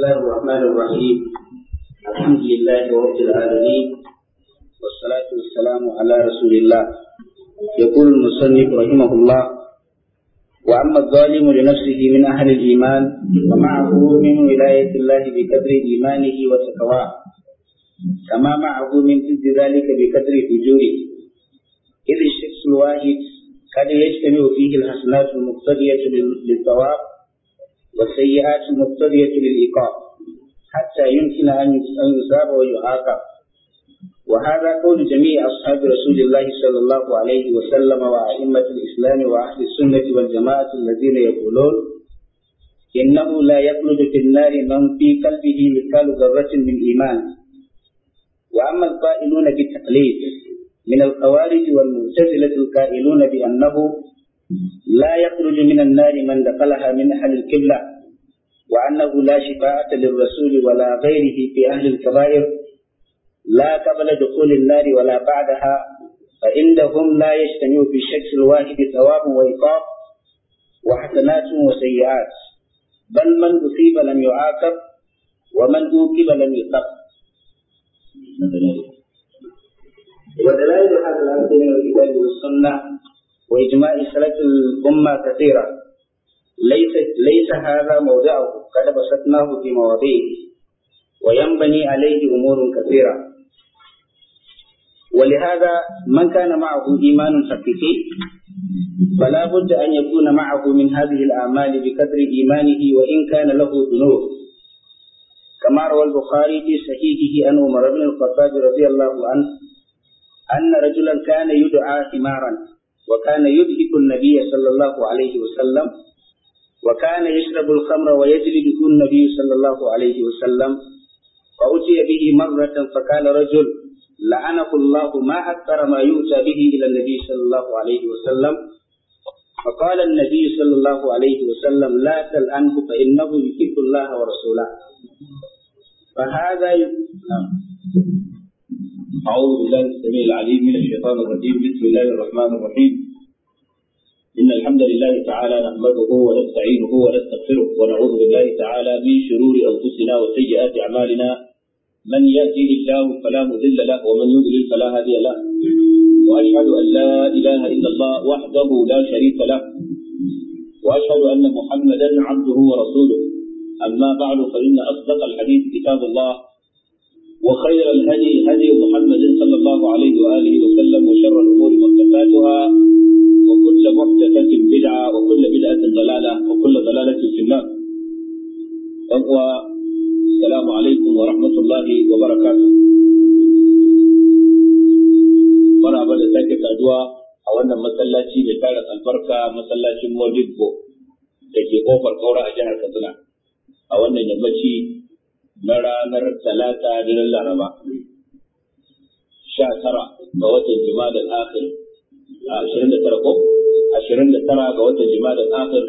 الله الرحمن الرحيم الحمد لله رب العالمين والصلاة والسلام على رسول الله يقول المصنف رحمه الله وأما الظالم لنفسه من أهل الإيمان فمعه من ولاية الله بقدر إيمانه وتقواه كما معه من ضد ذلك بقدر فجوره إذ الشخص الواحد قد يجتمع فيه الحسنات المقتضية للثواب والسيئات المقتضية للإيقاف حتى يمكن أن يصاب ويعاقب وهذا قول جميع أصحاب رسول الله صلى الله عليه وسلم وأئمة الإسلام وأهل السنة والجماعة الذين يقولون إنه لا يخلد في النار من في قلبه مثقال ذرة من إيمان وأما القائلون بالتقليد من الخوارج والمعتزلة القائلون بأنه لا يخرج من النار من دخلها من أهل القبلة وأنه لا شفاعة للرسول ولا غيره في أهل الكبائر لا قبل دخول النار ولا بعدها فإنهم لا يجتمع في الشكل الواحد ثواب وإيقاف وحسنات وسيئات بل من أصيب لم يعاقب ومن أوكب لم يقب ودلائل هذا الأمر من الكتاب والسنة وإجماع سلف الأمة كثيرا ليس, ليس هذا موضعه قد بسطناه في مواضعه وينبني عليه أمور كثيرة ولهذا من كان معه إيمان حقيقي فلا بد أن يكون معه من هذه الأعمال بقدر إيمانه وإن كان له ذنوب كما روى البخاري في صحيحه أن عمر بن الخطاب رضي الله عنه أن رجلا كان يدعى حمارا وكان يضحك النبي صلى الله عليه وسلم وكان يشرب الخمر ويجلده النبي صلى الله عليه وسلم فأتي به مرة فقال رجل لعنه الله ما أكثر ما يؤتى به إلى النبي صلى الله عليه وسلم فقال النبي صلى الله عليه وسلم لا تلعنه فإنه يحب الله ورسوله فهذا أعوذ بالله السميع العليم من الشيطان الرجيم بسم الله الرحمن الرحيم إن الحمد لله تعالى نحمده ونستعينه ونستغفره ونعوذ بالله تعالى من شرور أنفسنا وسيئات أعمالنا من يأتي الله فلا مذل له ومن يضلل فلا هادي له وأشهد أن لا إله إلا الله وحده لا شريك له وأشهد أن محمدا عبده ورسوله أما بعد فإن أصدق الحديث كتاب الله وخير الهدي هدي محمد صلى الله عليه وآله وسلم وشر الأمور محدثاتها وكل محدثة بدعة وكل بدعة ضلالة وكل ضلالة في النار السلام عليكم ورحمة الله وبركاته مرحبا da sake saduwa a wannan masallaci mai tarin albarka masallacin Modibbo da ke kofar kaura a jihar Katsina a wannan yammaci na ranar talata da laraba sha tara ga watan jimadar akhir a ashirin da tara ko ashirin da tara ga watan jimadar akhir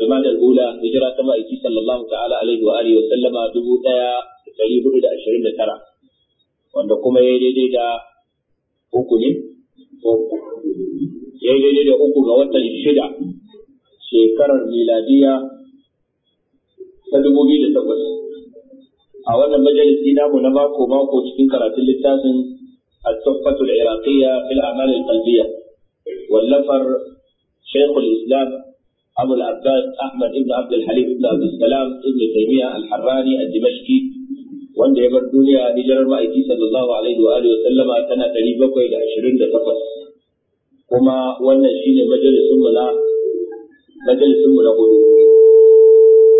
jimadar ula hijira ta ma'aiki sallallahu ta'ala alaihi wa alihi wa sallama dubu daya da dari hudu da ashirin da tara wanda kuma ya daidai da uku ne ya daidai da uku ga watan shida shekarar miladiya ta dubu biyu da takwas a wannan majalisi namu na mako mako cikin karatun littafin التحفة العراقية في الأعمال القلبية واللفر شيخ الإسلام أبو العباس أحمد بن عبد الحليم بن عبد السلام بن تيمية الحراني الدمشقي wanda ya bar duniya a hijirar ma'aiki sallallahu alaihi wa alihi sallama tana dari bakwai da ashirin da takwas kuma wannan shine majalisunmu na majalisunmu na hudu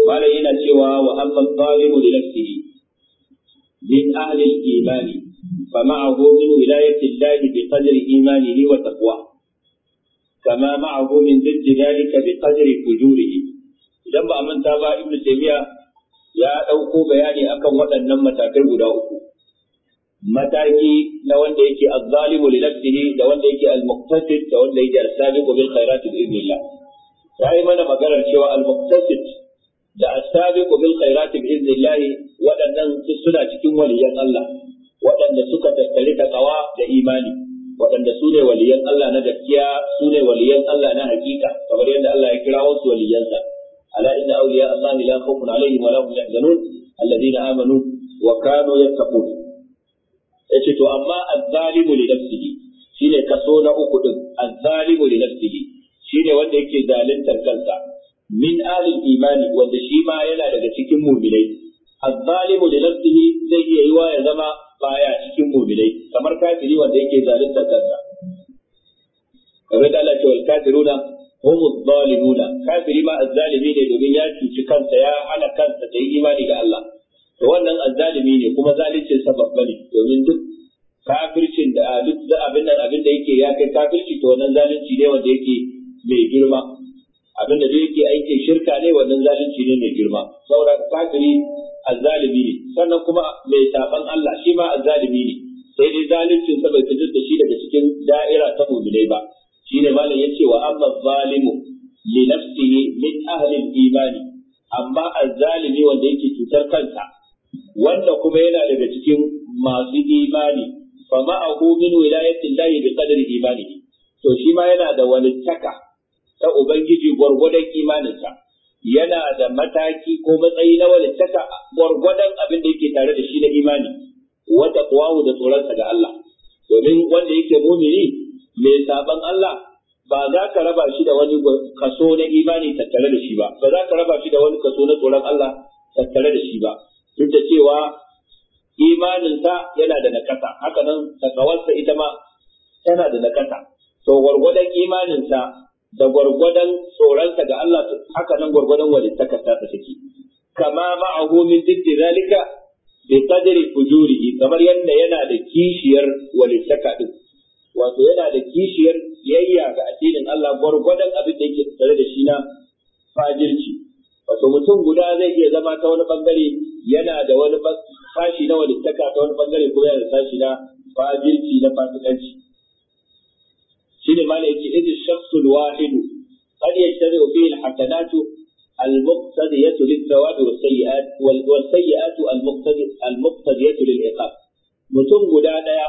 malam yana cewa wa amma zalimu li nafsihi من أهل الإيمان فمعه من ولاية الله بقدر إيمانه وتقواه كما معه من ضد ذلك بقدر فجوره idan ba a manta ba ibnu taymiya ya ɗauko bayani akan waɗannan matakai guda uku mataki na wanda yake azzalimu li nafsihi da wanda yake al da wanda yake al bil khairat bi idnillah sai mana maganar cewa al da astabiqu bil khairati bi wadannan waɗannan suna cikin waliyan Allah waɗanda suka tattare da kawa da imani waɗanda su ne waliyan Allah na gaskiya su ne waliyan Allah na hakika kamar yadda Allah ya kira wasu waliyansa ala inna awliya Allah la khawfun alaihim wa la hum yahzanun alladhina amanu wa kanu yattaqun yace to amma az-zalimu li nafsihi shine kaso na uku din az-zalimu li nafsihi shine wanda yake zaluntar kansa min alil imani wanda shi ma yana daga cikin mu'minai az da li nafsihi zai iya yiwa ya zama baya cikin mu'minai kamar kafiri wanda yake zalunta kansa kamar da Allah ce wal kafiruna hum adh-dhalimuna kafiri ma az-zalimi ne domin ya cuci kansa ya hana kansa da imani ga Allah to wannan az-zalimi ne kuma zalincin sabab ne domin duk kafircin da duk abin nan abin da yake ya kai kafirci to wannan zalunci ne wanda yake mai girma abin da yake aikin shirka ne wannan zalunci ne mai girma saboda kafiri azzalimi ne sannan kuma mai saban Allah shi ma azzalimi ne sai dai zaluncin sa bai fitar da shi daga cikin da'ira ta mu'minai ba shine malam yace wa amma zalimu li nafsihi min ahli imani amma azzalimi wanda yake cutar kansa wanda kuma yana daga cikin masu imani fa ma'ahu min wilayati llahi bi qadri imanihi to shi ma yana da wani taka ta Ubangiji gwargwadon imaninsa, yana da mataki ko matsayi na wani caka gwargwadon abin da yake tare da shi na imani, wata kuwawu da tsoronsa ga Allah. Domin wanda yake mumini mai saban Allah ba za ka raba shi da wani kaso na imani tattare da shi ba, ba za ka raba shi da wani kaso na tsoron Allah tattare da shi ba, duk da cewa imaninsa yana da nakasa, haka nan takawarsa ita ma tana da nakasa. To, gwargwadon imaninsa da gwargwadon tsoronsa ga Allah haka nan gwargwadon walittakarsa ta take kama ma'ahu min dukkan zalika bi qadri fujuri kamar yadda yana da kishiyar walittaka din wato yana da kishiyar yayya ga addinin Allah gwargwadon abin da yake tare da shi na fajirci wato mutum guda zai iya zama ta wani bangare yana da wani sashi na walittaka ta wani bangare ko yana da sashi na fajirci na fasikanci shine mala yake idh shakhsu al-wahid qad yajtami'u fihi al-hasanatu المقتضية al والسيئات ya tuli للعقاب mutum guda ɗaya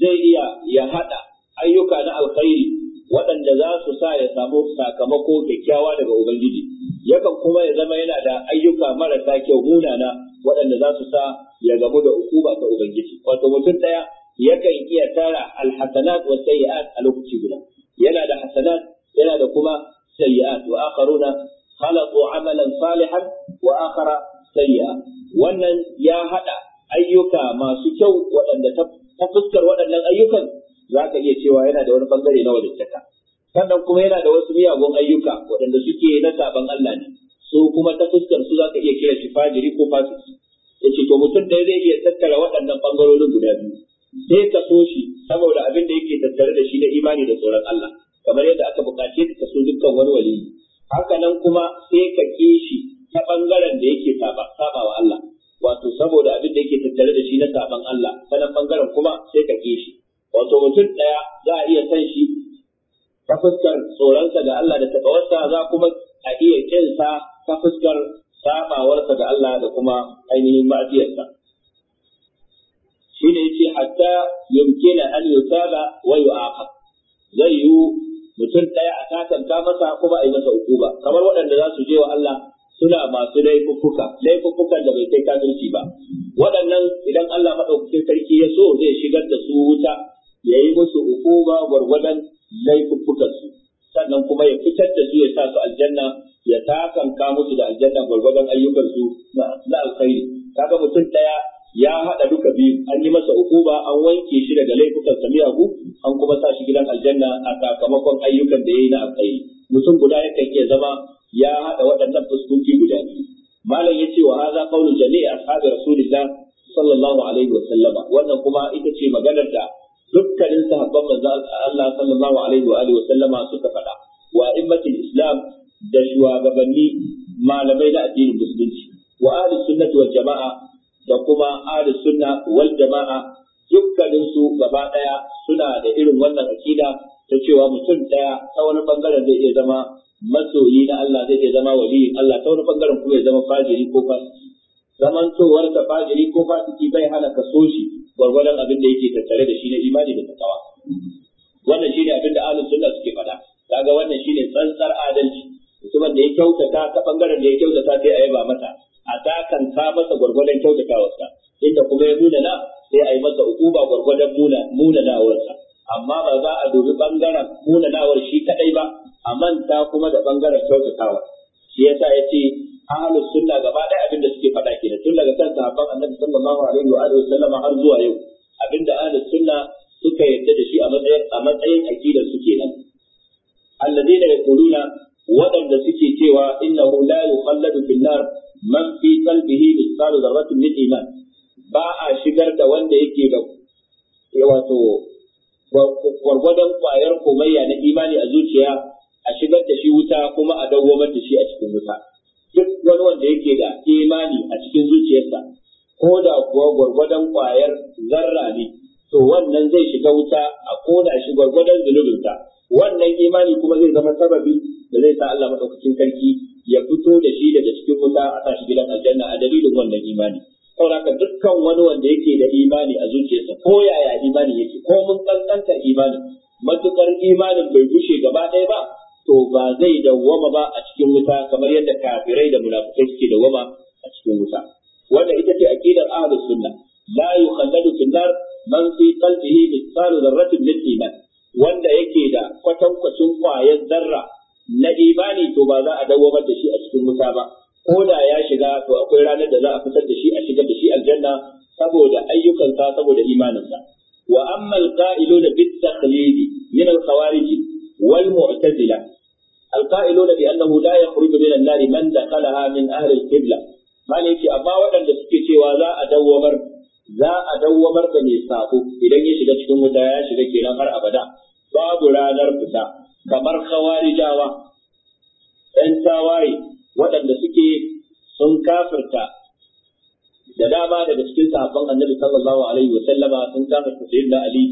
zai iya ya haɗa ayyuka na alkhairi waɗanda za su sa ya samu sakamako kyakkyawa daga Ubangiji, yakan kuma ya zama yana da ayyuka marasa kyau munana waɗanda za su sa ya gamu da hukuma ta Ubangiji. Wato mutum ɗaya yakan iya tara alhasanat wa sayyi'at a lokaci guda yana da hasanat yana da kuma sayyi'at wa akharuna khalaqu amalan salihan wa akhara sayyi'a wannan ya hada ayyuka masu kyau waɗanda ta fuskar waɗannan ayyukan za ka iya cewa yana da wani bangare na walittaka sannan kuma yana da wasu miyagun ayyuka waɗanda suke na saban Allah ne su kuma ta fuskar su za ka iya kira shi fajiri ko fasiki yace to mutum da zai iya tattara waɗannan bangarorin guda biyu sai ta so shi saboda abin da yake tattare da shi na imani da tsoron Allah kamar yadda aka buƙace ka kaso dukkan wani wali haka nan kuma sai ka ki shi ta bangaren da yake saba wa Allah wato saboda abin da yake tattare da shi na saban Allah sanan bangaren kuma sai ka ke shi wato mutum daya za a iya san shi ta fuskar tsoronsa ga Allah da sa, za kuma a iya kinsa ta fuskar sabawarsa ga Allah da kuma ainihin ma'afiyarsa. shine yace hatta yumkina an Saba, wa yu'aqab zai yi mutum ɗaya a takanta masa kuma a yi masa ba. kamar waɗanda za su je wa Allah suna masu laifuffuka laifuffukan da bai kai kafirci ba waɗannan idan Allah maɗaukakin sarki ya so zai shigar da su wuta ya yi musu hukuma gwargwadon laifuffukan su sannan kuma ya fitar da su ya sa su aljanna ya takanka musu da aljanna gwargwadon ayyukan su na alkhairi kaga mutum ɗaya. ya haɗa duka biyu an yi masa ukuba an wanke shi daga laifukan samiyagu an kuma sa shi gidan aljanna a sakamakon ayyukan da ya yi na alkhairi mutum guda yakan iya zama ya haɗa waɗannan fuskoki guda biyu malam ya ce wa haza qaulul jami'i ashabi rasulillah sallallahu alaihi wa sallama wannan kuma ita ce maganar da dukkanin sahabban manzon Allah sallallahu alaihi wa alihi wa sallama suka faɗa wa immatul islam da shugabanni malamai na addinin musulunci wa ahlus sunnati wal jama'a da kuma ahli sunna wal jama'a dukkanin su gaba daya suna da irin wannan akida ta cewa mutum daya ta wani bangaren zai iya zama masoyi na Allah zai iya zama wali Allah ta wani bangaren kuma ya zama fajiri ko fasiki zamantowar ta fajiri ko fasiki bai hana ka so shi gwargwadon abin da yake tattare da shi na imani da takawa wannan shine abin da ahli sunna suke faɗa kaga wannan shine tsantsar adalci mutumin da ya kyautata ta bangaren da ya kyautata sai a yaba mata a dakan ta masa gwargwadon kyautatawarsa inda kuma ya nuna na sai a yi masa ukuba gwargwadon munanawarsa amma ba za a dubi bangaren munanawar shi kadai ba a manta kuma da bangaren kyautatawa shi yasa ya ce ahlus sunna gaba ɗaya abinda suke faɗa kenan tun daga kan sahabban annabi sallallahu alaihi wa alihi har zuwa yau abinda ahlus sunna suka yarda da shi a matsayin a matsayin aqidar su kenan alladheena yaquluna waɗanda suke cewa innahu la yukhalladu bin nar man fi qalbihi mithqalu dharratin min iman ba a shigar da wanda yake da wato gwargwadon kwayar komayya na imani a zuciya a shigar da shi wuta kuma a dawwamar da shi a cikin wuta duk wani wanda yake da imani a cikin zuciyarsa ko da kuwa gwargwadon kwayar zarra ne to wannan zai shiga wuta a koda shi gwargwadon zunubinta wannan imani kuma zai zama sababi da zai sa Allah madaukakin sarki ya fito da shi daga cikin wuta a sa gidan aljanna a dalilin wannan imani saboda dukkan wani wanda yake da imani a zuciyarsa ko yaya imani yake ko mun kankantar imanin matukar imanin bai gushe gaba ɗaya ba to ba zai dawwama ba a cikin wuta kamar yadda kafirai da munafikai suke dawwama a cikin wuta wanda ita ce aqidar ahlus sunna la yukhalladu fil nar man fi qalbihi mithqalu dharratin min iman wanda yake da kwatankwacin kwayar zarra na imani to ba za a dawwamar da shi a cikin wuta ba ko da ya shiga to akwai ranar da za a fitar da shi a shigar da shi aljanna saboda ayyukansa saboda imaninsa wa amma alqa'iluna bit taqlid min alkhawarij wal mu'tazila alqa'iluna bi annahu la yakhruju min an-nar man dakhalaha min ahli al-qibla malaki amma waɗanda suke cewa za a dawwamar za a dawwamar da mai sako idan ya shiga cikin wuta ya shiga kenan har abada babu ranar fita kamar kawarijawa, ‘yan tawaye waɗanda suke sun kafirta da dama daga cikin sahabban annabi sallallahu alaihi wa sallama sun kafirta sayyidina ali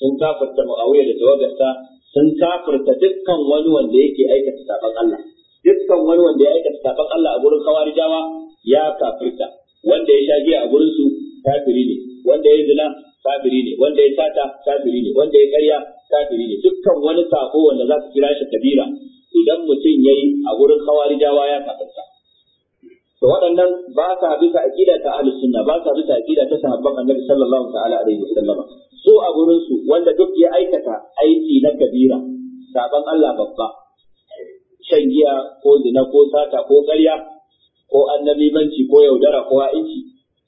sun kafirta muawiya da tawagarsa sun kafirta dukkan wani wanda yake aikata sabon Allah dukkan wani wanda ya aikata sabon Allah a gurin kawarijawa ya kafirta wanda ya sha giya a gurin su kafiri ne wanda ya zina kafiri ne wanda ya sata kafiri ne wanda ya karya kafiri ne dukkan wani sako wanda za ka kira shi kabira idan mutum ya yi a wurin hawari dawa ya kafirta to waɗannan ba sa bisa aqida ta ahli sunna ba sa bisa aqida ta sahabban annabi sallallahu ta'ala alaihi wasallama so a gurin su wanda duk ya aikata aiki na kabira saban Allah babba shan giya ko zina ko sata ko ƙarya ko annabimanci ko yaudara ko ha'inci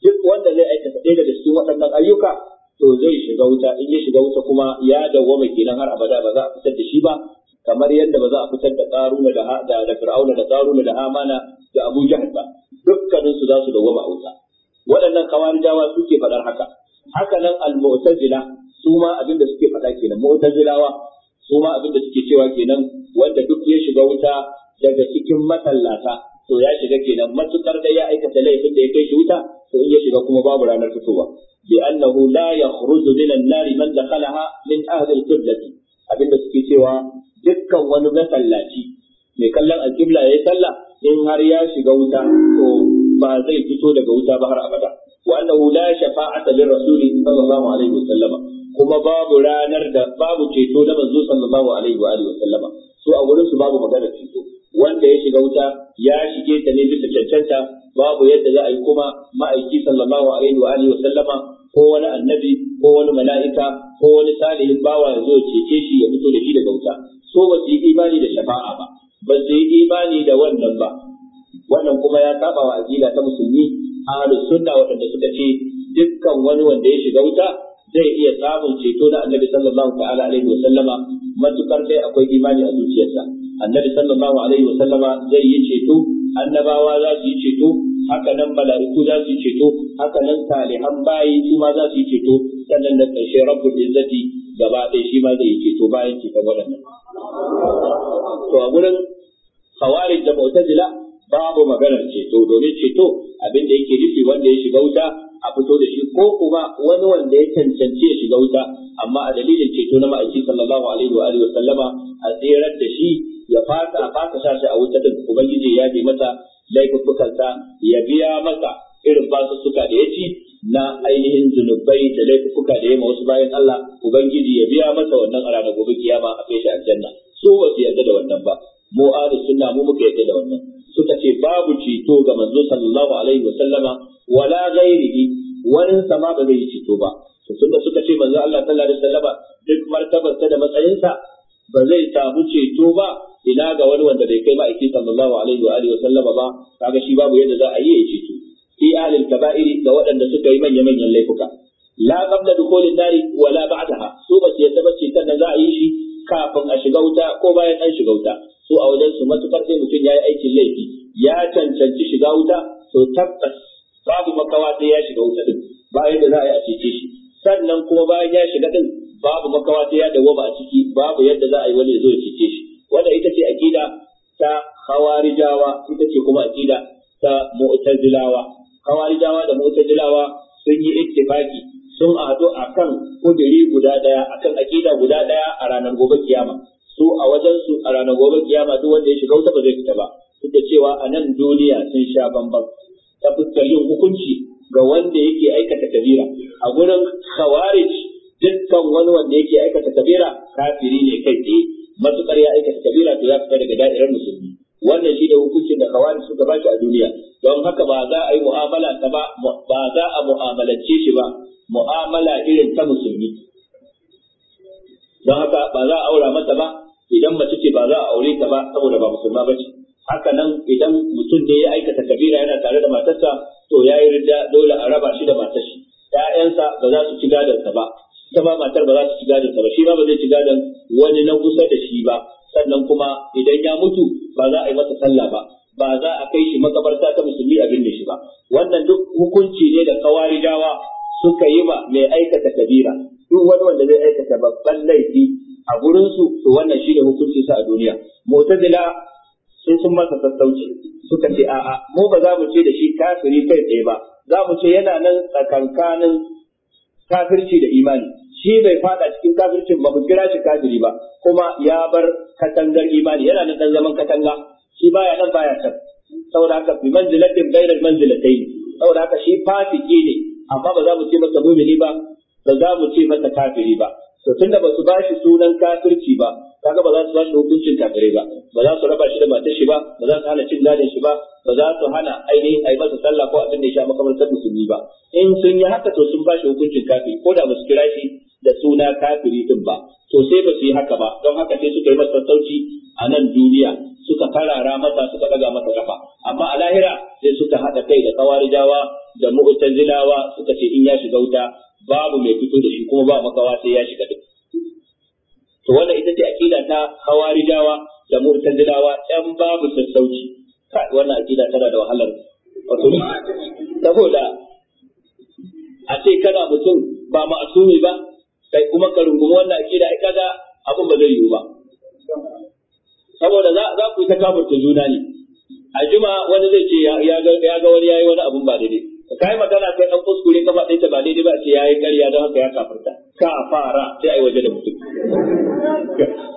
duk wanda zai aikata ɗaya daga cikin waɗannan ayyuka to zai shiga wuta in ya shiga wuta kuma ya dawwama kenan har abada ba za a fitar da shi ba kamar yadda ba za a fitar da karuna da da fir'auna da karuna da hamana da abu jahl ba dukkanin su za su dawwama a wuta waɗannan kawarijawa suke faɗar haka haka nan al-mu'tazila su ma abinda suke faɗa kenan mu'tazilawa su ma abinda suke cewa kenan wanda duk ya shiga wuta daga cikin masallata to ya shiga kenan matukar da ya aikata laifin da ya kai shi wuta to in ya shiga kuma babu ranar fitowa لأنه لا يخرج من النار من دخلها من أهل القبلة abin da suke cewa dukkan wani masallaci mai kallon alƙibla ya yi sallah in har ya shiga wuta to ba zai fito daga wuta ba har abada wa annahu wa sallama kuma babu ranar da babu ceto na manzo sallallahu alaihi wa alihi wa sallama su a wurin su babu magana ce wanda ya shiga wuta ya shige ta ne bisa cancanta babu yadda za a yi kuma ma'aiki sallallahu alaihi wa alihi wa sallama ko wani annabi ko wani mala'ika ko wani salihin bawa ya zo ya cece shi ya fito da shi daga wuta so ba su yi imani da shafa'a ba ba su yi imani da wannan ba wannan kuma ya saba wa aqida ta musulmi ahlus sunna waɗanda suka ce dukkan wani wanda ya shiga wuta zai iya samun ceto da annabi sallallahu ta'ala alaihi wa sallama matukar dai akwai imani a zuciyarsa annabi sallallahu alaihi wa sallama zai yi ceto annabawa za su yi ceto haka nan mala'iku za su yi ceto haka nan salihan bayi su ma za su yi ceto sannan da karshe rabbul izzati gaba ɗaya shi ma zai yi ceto bayan ceton waɗannan to a gurin khawarij da mu'tazila babu maganar ceto domin ceto abin da yake nufi wanda ya shiga wuta a fito da shi ko kuma wani wanda ya cancanci ya shiga wuta amma a dalilin ceto na ma'aiki sallallahu alaihi wa alihi sallama a tserar da shi ya fasa fasa shi a wuta din ubangiji ya bi mata laifuffukansa ya biya masa irin basussuka da ya ci na ainihin zunubai da laifuka da ya ma wasu bayan Allah ubangiji ya biya masa wannan a ranar gobe kiyama a kai shi aljanna su ba yarda da wannan ba mu mu muka yarda da wannan suka ce babu ceto ga manzo sallallahu alaihi wa sallama wala ghairihi wani sama ba zai ceto ba tunda suka ce manzo Allah sallallahu alaihi wa sallama duk martabarsa da matsayinsa ba zai samu ceto ba ina ga wani wanda bai kai ma'aiki sallallahu alaihi wa alihi wa sallama ba kaga shi babu yadda za a yi ya ceto fi ahlil kaba'iri ga waɗanda suka yi manya manyan laifuka la qabla dukhulin nari wala ba'daha su ba su yadda ba ceton da za a yi shi kafin a shiga wuta ko bayan an shiga wuta su a wajen su matukar sai mutum ya yi aikin laifi ya cancanci shiga wuta to tabbas babu makawa sai ya shiga wuta din bayan da za a yi a cece shi sannan kuma bayan ya shiga din babu makawa sai ya dawo ba a ciki babu yadda za a yi wani ya zo ya cece shi wanda ita ce akida ta hawarijawa ita ce kuma akida ta mu'tazilawa hawarijawa da mu'tazilawa sun yi ittifaki sun a akan kudiri guda daya akan akida guda daya a ranar gobe kiyama su a wajen su a ranar gobe kiyama duk wanda ya shiga wuta ba zai fita ba duk da cewa a nan duniya sun sha bambam ta fuskar yin hukunci ga wanda yake aikata kabira a gurin khawarij dukkan wani wanda yake aikata kabira kafiri ne kai tsaye matukar ya aikata kabira to ya fita daga da'irar musulmi wannan shi da hukuncin da khawarij suka ba shi a duniya don haka ba za a yi mu'amala ta ba ba za a mu'amalace shi ba mu'amala irin ta musulmi don haka ba za a aura masa ba idan mace ce ba za a aure ta ba saboda ba musulma ba ce haka nan idan mutum ne ya aikata kabira yana tare da matarsa to ya yi ridda dole a raba shi da matar shi ƴaƴansa ba za su ci gadonsa ba ita ma matar ba za su ci gadonsa ba shi ma ba zai ci gadon wani na kusa da shi ba sannan kuma idan ya mutu ba za a yi masa sallah ba ba za a kai shi makabarta ta musulmi a binne shi ba wannan duk hukunci ne da kawarijawa suka yi ma mai aikata kabira duk wani wanda zai aikata babban laifi a gurinsu to wannan shi ne hukunci su a duniya mu'tazila sun sun masa sassauci suka ce a'a mu ba za mu ce da shi kafiri kai tsaye ba za mu ce yana nan tsakankanin kafirci da imani shi bai fada cikin kafircin ba mu kira shi kafiri ba kuma ya bar katangar imani yana nan dan zaman katanga shi baya nan baya can saboda haka fi manzilatin bayna manzilatayn saboda haka shi fasiki ne amma ba za mu ce masa mumini ba ba za mu ce masa kafiri ba to tunda ba su ba shi sunan kafirci ba kaga ba za su ba shi hukuncin kafirai ba ba za su raba shi da matar shi ba ba za su hana cin dadin shi ba ba za su hana ainihin ai masa sallah ko abin da ya sha makamantar musulmi ba in sun yi haka to sun ba shi hukuncin kafiri ko da ba su kira shi da suna kafiri din ba to sai ba su yi haka ba don haka sai suka yi masa sauki a nan duniya suka karara masa suka daga masa kafa amma a lahira sai suka haɗa kai da kawarijawa da mu'tazilawa suka ce in ya shiga wuta babu mai fito da shi kuma ba makawa sai ya shiga duk to wannan ita ce akida ta hawarijawa da murtazilawa ɗan babu sassauci wannan akida tana da wahalar wato saboda a ce kana mutum ba ma'asumi ba kai kuma ka rungumi wannan akida ai kaga abin ba zai yiwu ba saboda za ku ta kafurta juna ne a juma wani zai ce ya ga wani yayi wani abun ba daidai kai magana kai dan kuskure ka dai ta ba daidai ba ce yayi ƙarya don haka ya kafarta ka fara sai ai waje da mutum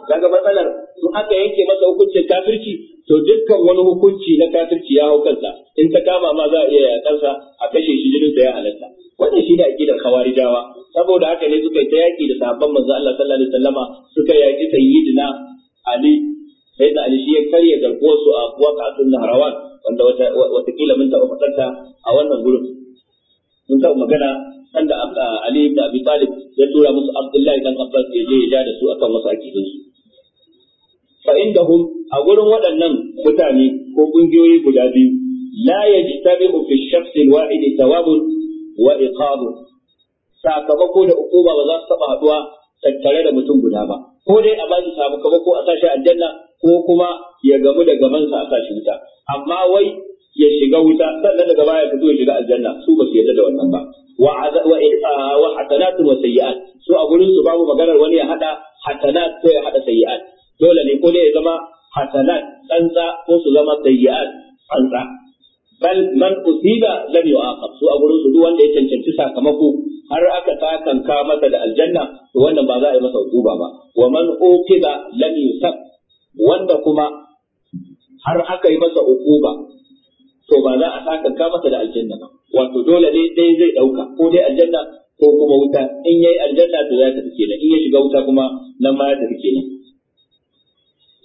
daga matsalar su aka yanke masa hukuncin kafirci to dukkan wani hukunci na kafirci ya hau kansa in ta kama ma za a iya yaƙarsa a kashe shi jinin da ya halatta wannan shi ne aqidar khawarijawa saboda haka ne suka yi ta yaki da sahabban manzo Allah sallallahu alaihi wasallama suka yaki sayyidina Ali sayyidina Ali shi ya karya garkuwar su a waqatul nahrawan wanda watakila mun taɓa faɗarta a wannan gurin mun taɓa magana kan Ali ibn Abi Talib ya tura musu Abdullah dan Abbas ya je ya ja da su akan wasu akidun su fa indahum a gurin waɗannan mutane ko kungiyoyi guda biyu la yajtabi'u fi shakhs al-wahid thawabun wa iqabun sakamako da ukuba ba za su taɓa haɗuwa tattare da mutum guda ba ko dai a ba bashi sakamako a sashi aljanna ko kuma ya gamu da gamansa a sashi wuta amma wai ya shiga wuta sannan daga baya ka zo ya shiga aljanna su ba su yarda da wannan ba wa eh, wa hasanatun wa sayyi'at su a gurin su babu maganar wani ya hada hasanat ko ya hada sayyi'at dole ne ko ne ya zama hasanat tsantsa ko su zama sayyi'at tsantsa bal man usiba lam yu'aqab su a gurin su duk wanda ya cancanci sakamako har aka takanka masa da aljanna to wannan ba za a yi masa hukuma ba wa man uqiba lam yusab wanda kuma har aka yi masa ukuba to ba za a sakanka masa da aljanna ba wato dole ne dai zai dauka ko dai aljanna ko kuma wuta in yayi aljanna to za ta take in ya shiga wuta kuma nan ma ta take nan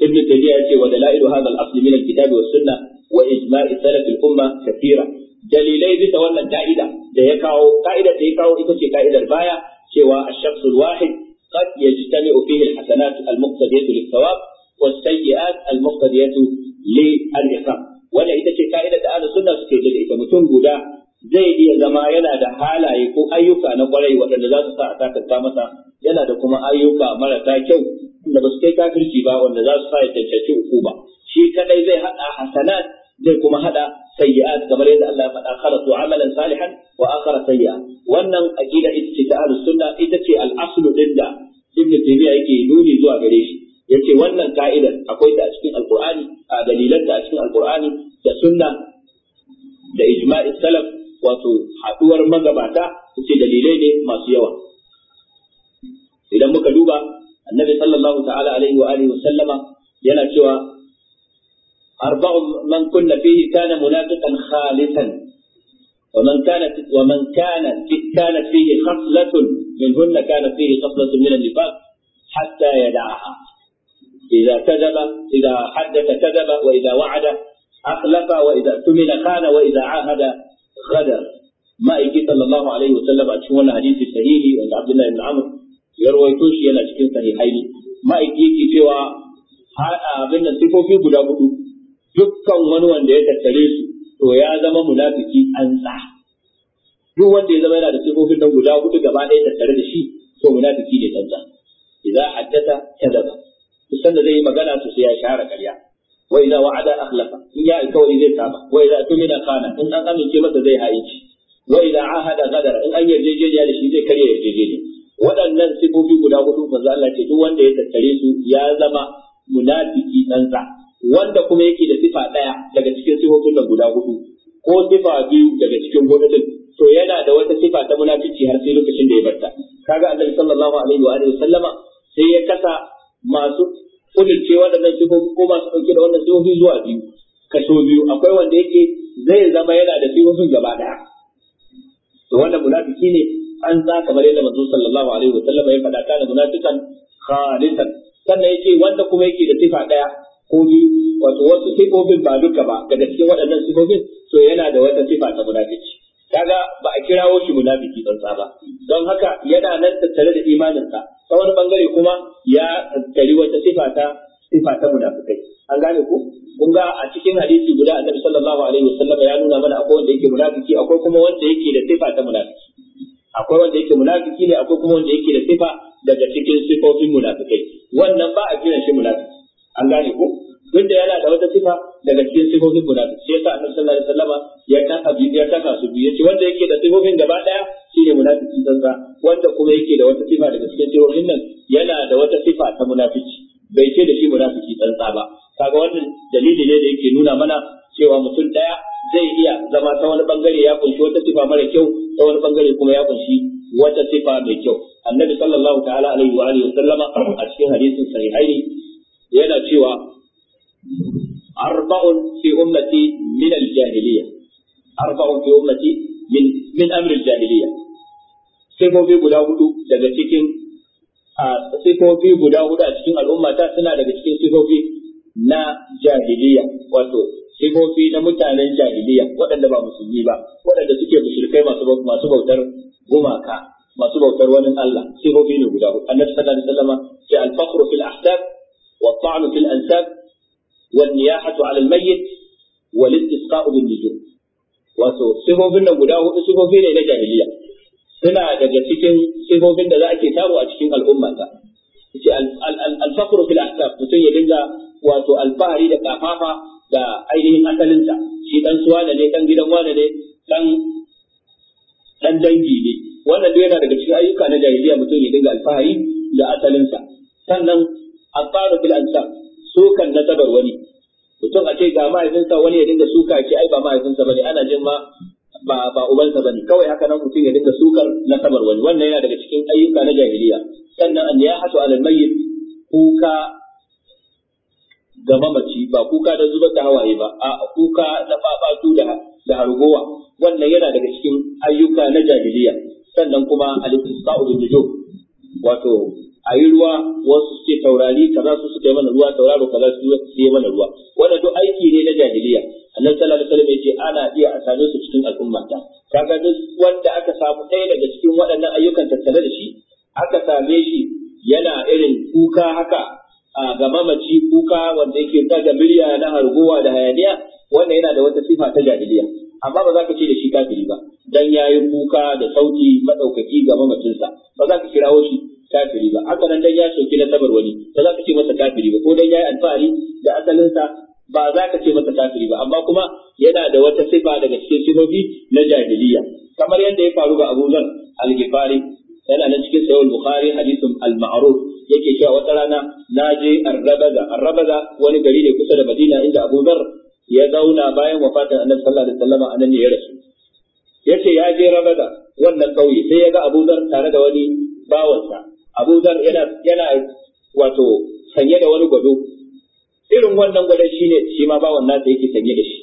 ibn tabiya yace wa dalailu hadha al-asl min al-kitab wa sunnah wa ijma' salaf al-umma kathira dalilai bisa wannan ka'ida da ya kawo ka'ida da ya kawo ita ce ka'idar baya cewa ash-shakhs al-wahid قد يجتمع فيه الحسنات المقتضية للثواب al المقتضية li ya san, wanda ita ce ka'idar da ahlus sunna suke da ita mutum guda zai iya zama yana da halaye ko ayyuka na kwarai waɗanda za su sa a takanta masa yana da kuma ayyuka marasa kyau wanda ba su kai kafirci ba wanda za su sa ya cancanci hukuma shi kadai zai hada hasanat zai kuma hada sayyi'at kamar yadda Allah ya faɗa kharatu amalan salihan wa akhara sayyi'a wannan aqida ita ce ta ahlus sunna ita ce al-aslu din da ibn taymiya yake nuni zuwa gare shi yace wannan ka'idar akwai ta a cikin alqur'ani a dalilan ta a cikin alqur'ani da sunna da ijma'i salaf wato haduwar magabata yace dalilai ne masu yawa idan muka duba annabi sallallahu ta'ala alaihi wa alihi sallama yana cewa arba'u man kunna fihi kana munafiqan khalisan ومن كانت ومن كانت كانت فيه خصلة منهن كانت فيه خصلة من النفاق حتى يدعها إذا كذب إذا حدث كذب وإذا وعد أخلف وإذا اؤتمن خان وإذا عاهد غدر ما يجي صلى الله عليه وسلم أتشون حديث صحيح وعند عبد الله بن عمرو يرويتوش يلا cikin sahihai ma yake yake cewa abin nan sifofi guda hudu dukkan wani wanda ya tattare su to ya zama munafiki an tsa duk wanda ya zama yana da sifofin nan guda hudu gaba ɗaya tattare da shi to munafiki ne tsantsa idza haddatha kadaba duk da zai yi magana su sai ya share ƙarya wa idza wa'ada akhlafa in ya alkawari zai saba wa idza tumina kana in an amince masa zai haici wa idza ahada gadara in an yarjejeniya da shi zai karya yarjejeniya waɗannan sifofi guda hudu manzo Allah ce duk wanda ya tattare su ya zama munafiki ɗansa, wanda kuma yake da sifa ɗaya daga cikin sifofin nan guda hudu ko sifa biyu daga cikin gonakin, to yana da wata sifa ta munafiki har sai lokacin da ya barta kaga annabi sallallahu alaihi wa alihi sallama sai ya kasa masu kudurce waɗannan sifofi ko masu ɗauke da wannan sifofi zuwa biyu kaso biyu akwai wanda yake zai zama yana da sifofin gaba ɗaya to wannan munafiki ne an za kamar yadda manzo sallallahu alaihi wa sallam ya faɗa kana munafikan khalisan sannan yake wanda kuma yake da sifa ɗaya ko biyu wato wasu sifofin ba duka ba daga cikin waɗannan sifofin to yana da wata sifa ta munafiki kaga ba a kirawo shi munafiki tsantsa ba don haka yana nan tattare da imaninsa ta wani bangare kuma ya tsari wata sifa ta sifa ta munafikai an gane ku kun ga a cikin hadisi guda annabi sallallahu alaihi wasallam ya nuna mana akwai wanda yake munafiki akwai kuma wanda yake da sifa ta munafiki akwai wanda yake munafiki ne akwai kuma wanda yake da sifa daga cikin sifofin munafikai wannan ba a gina shi munafiki an gane ku? duk da yana da wata sifa daga cikin sifofin munafiki sai yasa annabi sallallahu alaihi wasallama ya kasa biyu ya kasa su biyu yace wanda yake da sifofin gaba daya shine munafiki zanza wanda kuma yake da wata sifa daga cikin sifofin nan yana da wata sifa ta munafici bai ce da shi munafiki tsantsa ba kaga wannan dalili ne da yake nuna mana cewa mutum daya zai iya zama ta wani bangare ya kunshi wata sifa mara kyau ta wani bangare kuma ya kunshi wata sifa mai kyau annabi sallallahu ta'ala alaihi wa alihi wa sallama a cikin hadisin sahihaini yana cewa ummati min al من arba'un fi ummati min min amr al الجاهلية sifofi guda hudu daga cikin a sifofi guda hudu a cikin al'ummata suna daga cikin sifofi na jahiliya wato sifofi na mutanen jahiliya waɗanda ba musulmi ba waɗanda suke mushrikai masu bautar gumaka masu bautar wani Allah sifofi ne guda hudu annabi sallallahu alaihi wasallam ya al-fakhru fil ahsab wa at-ta'nu fil ansab والنياحة على الميت والاستسقاء بالنجوم wato sifofin nan guda hudu sifofi ne na jahiliya suna daga cikin sifofin da za a ke samu a cikin al'ummata ce alfakuru fil ahkam mutum ya dinga wato alfahari da kafafa da ainihin asalinsa shi dan suwa da ne dan gidan wane ne dan dan dangi ne wannan duk yana daga cikin ayyuka na jahiliya mutum ya dinga alfahari da asalinsa sannan alfaru fil ansab sukan nasabar wani mutum a ce ga mahaifinsa wani ya dinga suka ce ai ba mahaifinsa bane ana jin ma ba ba ubansa bane kawai haka nan mutum ya dinka sukar na sabar wani wannan yana daga cikin ayyuka na jahiliya sannan an ya hasu alal mayyit kuka ga mamaci ba kuka da zubar da hawaye ba a kuka na babatu da da hargowa wannan yana daga cikin ayyuka na jahiliya sannan kuma al-istisqa'u bil nujum wato ayi ruwa wasu suke taurari kaza su suka yi mana ruwa tauraro kaza su suke yi mana ruwa wannan duk aiki ne na jahiliya annabi sallallahu alaihi wasallam yace ana iya a same su cikin al'ummata kaga duk wanda aka samu ɗaya daga cikin waɗannan ayyukan tattare da shi aka same shi yana irin kuka haka a ga mamaci kuka wanda yake daga miliya na harguwa da hayaniya wanda yana da wata sifa ta jahiliya amma ba za ka ce da shi kafiri ba dan yayi kuka da sauti madaukaki ga mamacinsa ba za ka kirawo shi kafiri ba haka nan dan ya soki na sabar wani ba za ka ce masa kafiri ba ko dan yayi alfahari da asalinsa ba za ka ce masa kafiri ba amma kuma yana da wata sifa daga cikin sifofi na jahiliya kamar yadda ya faru ga Abu Zar al-Ghifari yana nan cikin sahih bukhari hadithun al-ma'ruf yake cewa wata rana naje Ar-Rabaza Ar-Rabaza wani gari ne kusa da Madina inda Abu Zar ya zauna bayan wafatar Annabi sallallahu alaihi wasallam anan ne ya rasu yace ya je Rabaza wannan kauye sai ya ga Abu Zar tare da wani bawansa Abu Zar yana yana wato sanye da wani gwado irin wannan gwadon shi ne shi ma bawan nasa yake sanye da shi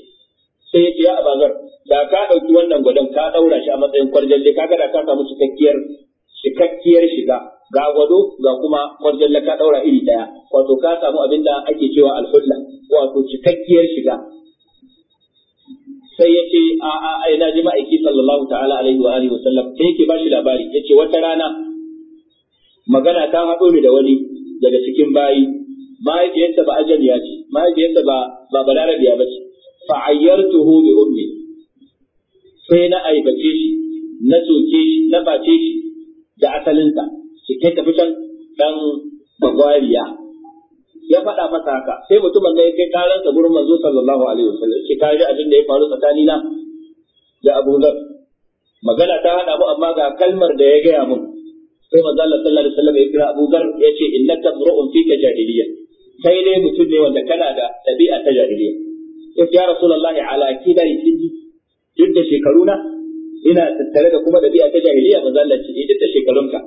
sai ya ce ya abazar da ka ɗauki wannan gwadon ka ɗaura shi a matsayin kwarjalle ka ga da ka samu cikakkiyar cikakkiyar shiga ga gwado ga kuma kwarjalle ka ɗaura iri ɗaya wato ka samu abin da ake cewa alhulla wato cikakkiyar shiga sai ya ce a a ina ji ma'aiki sallallahu ta'ala alaihi wa alihi wa sallam sai yake ba shi labari yace wata rana magana ta haɗo ni da wani daga cikin bayi mahaifiyarta ba ya ce mahaifiyarta ba ba balarabiya ba ce fa ayyartuhu bi ummi sai na aibace shi na soke shi na bace shi da asalinsa shi kai tafi can dan bagwariya ya faɗa masa haka sai mutumin da ya kai karansa gurin manzo sallallahu alaihi wasallam shi ka ji abin da ya faru tsakanina da Abu Dhar magana ta hada mu amma ga kalmar da ya gaya mun sai manzo sallallahu alaihi wasallam ya kira Abu Dhar ya ce innaka mur'un fika jahiliyyah Sai dai mutum ne wanda kana da ɗabi'a ta jahiliya sai ya rasulullahi ala kidari sinji duk da shekaru na ina tattare da kuma ɗabi'a ta jahiliya manzo Allah ce eh, da ta shekarunka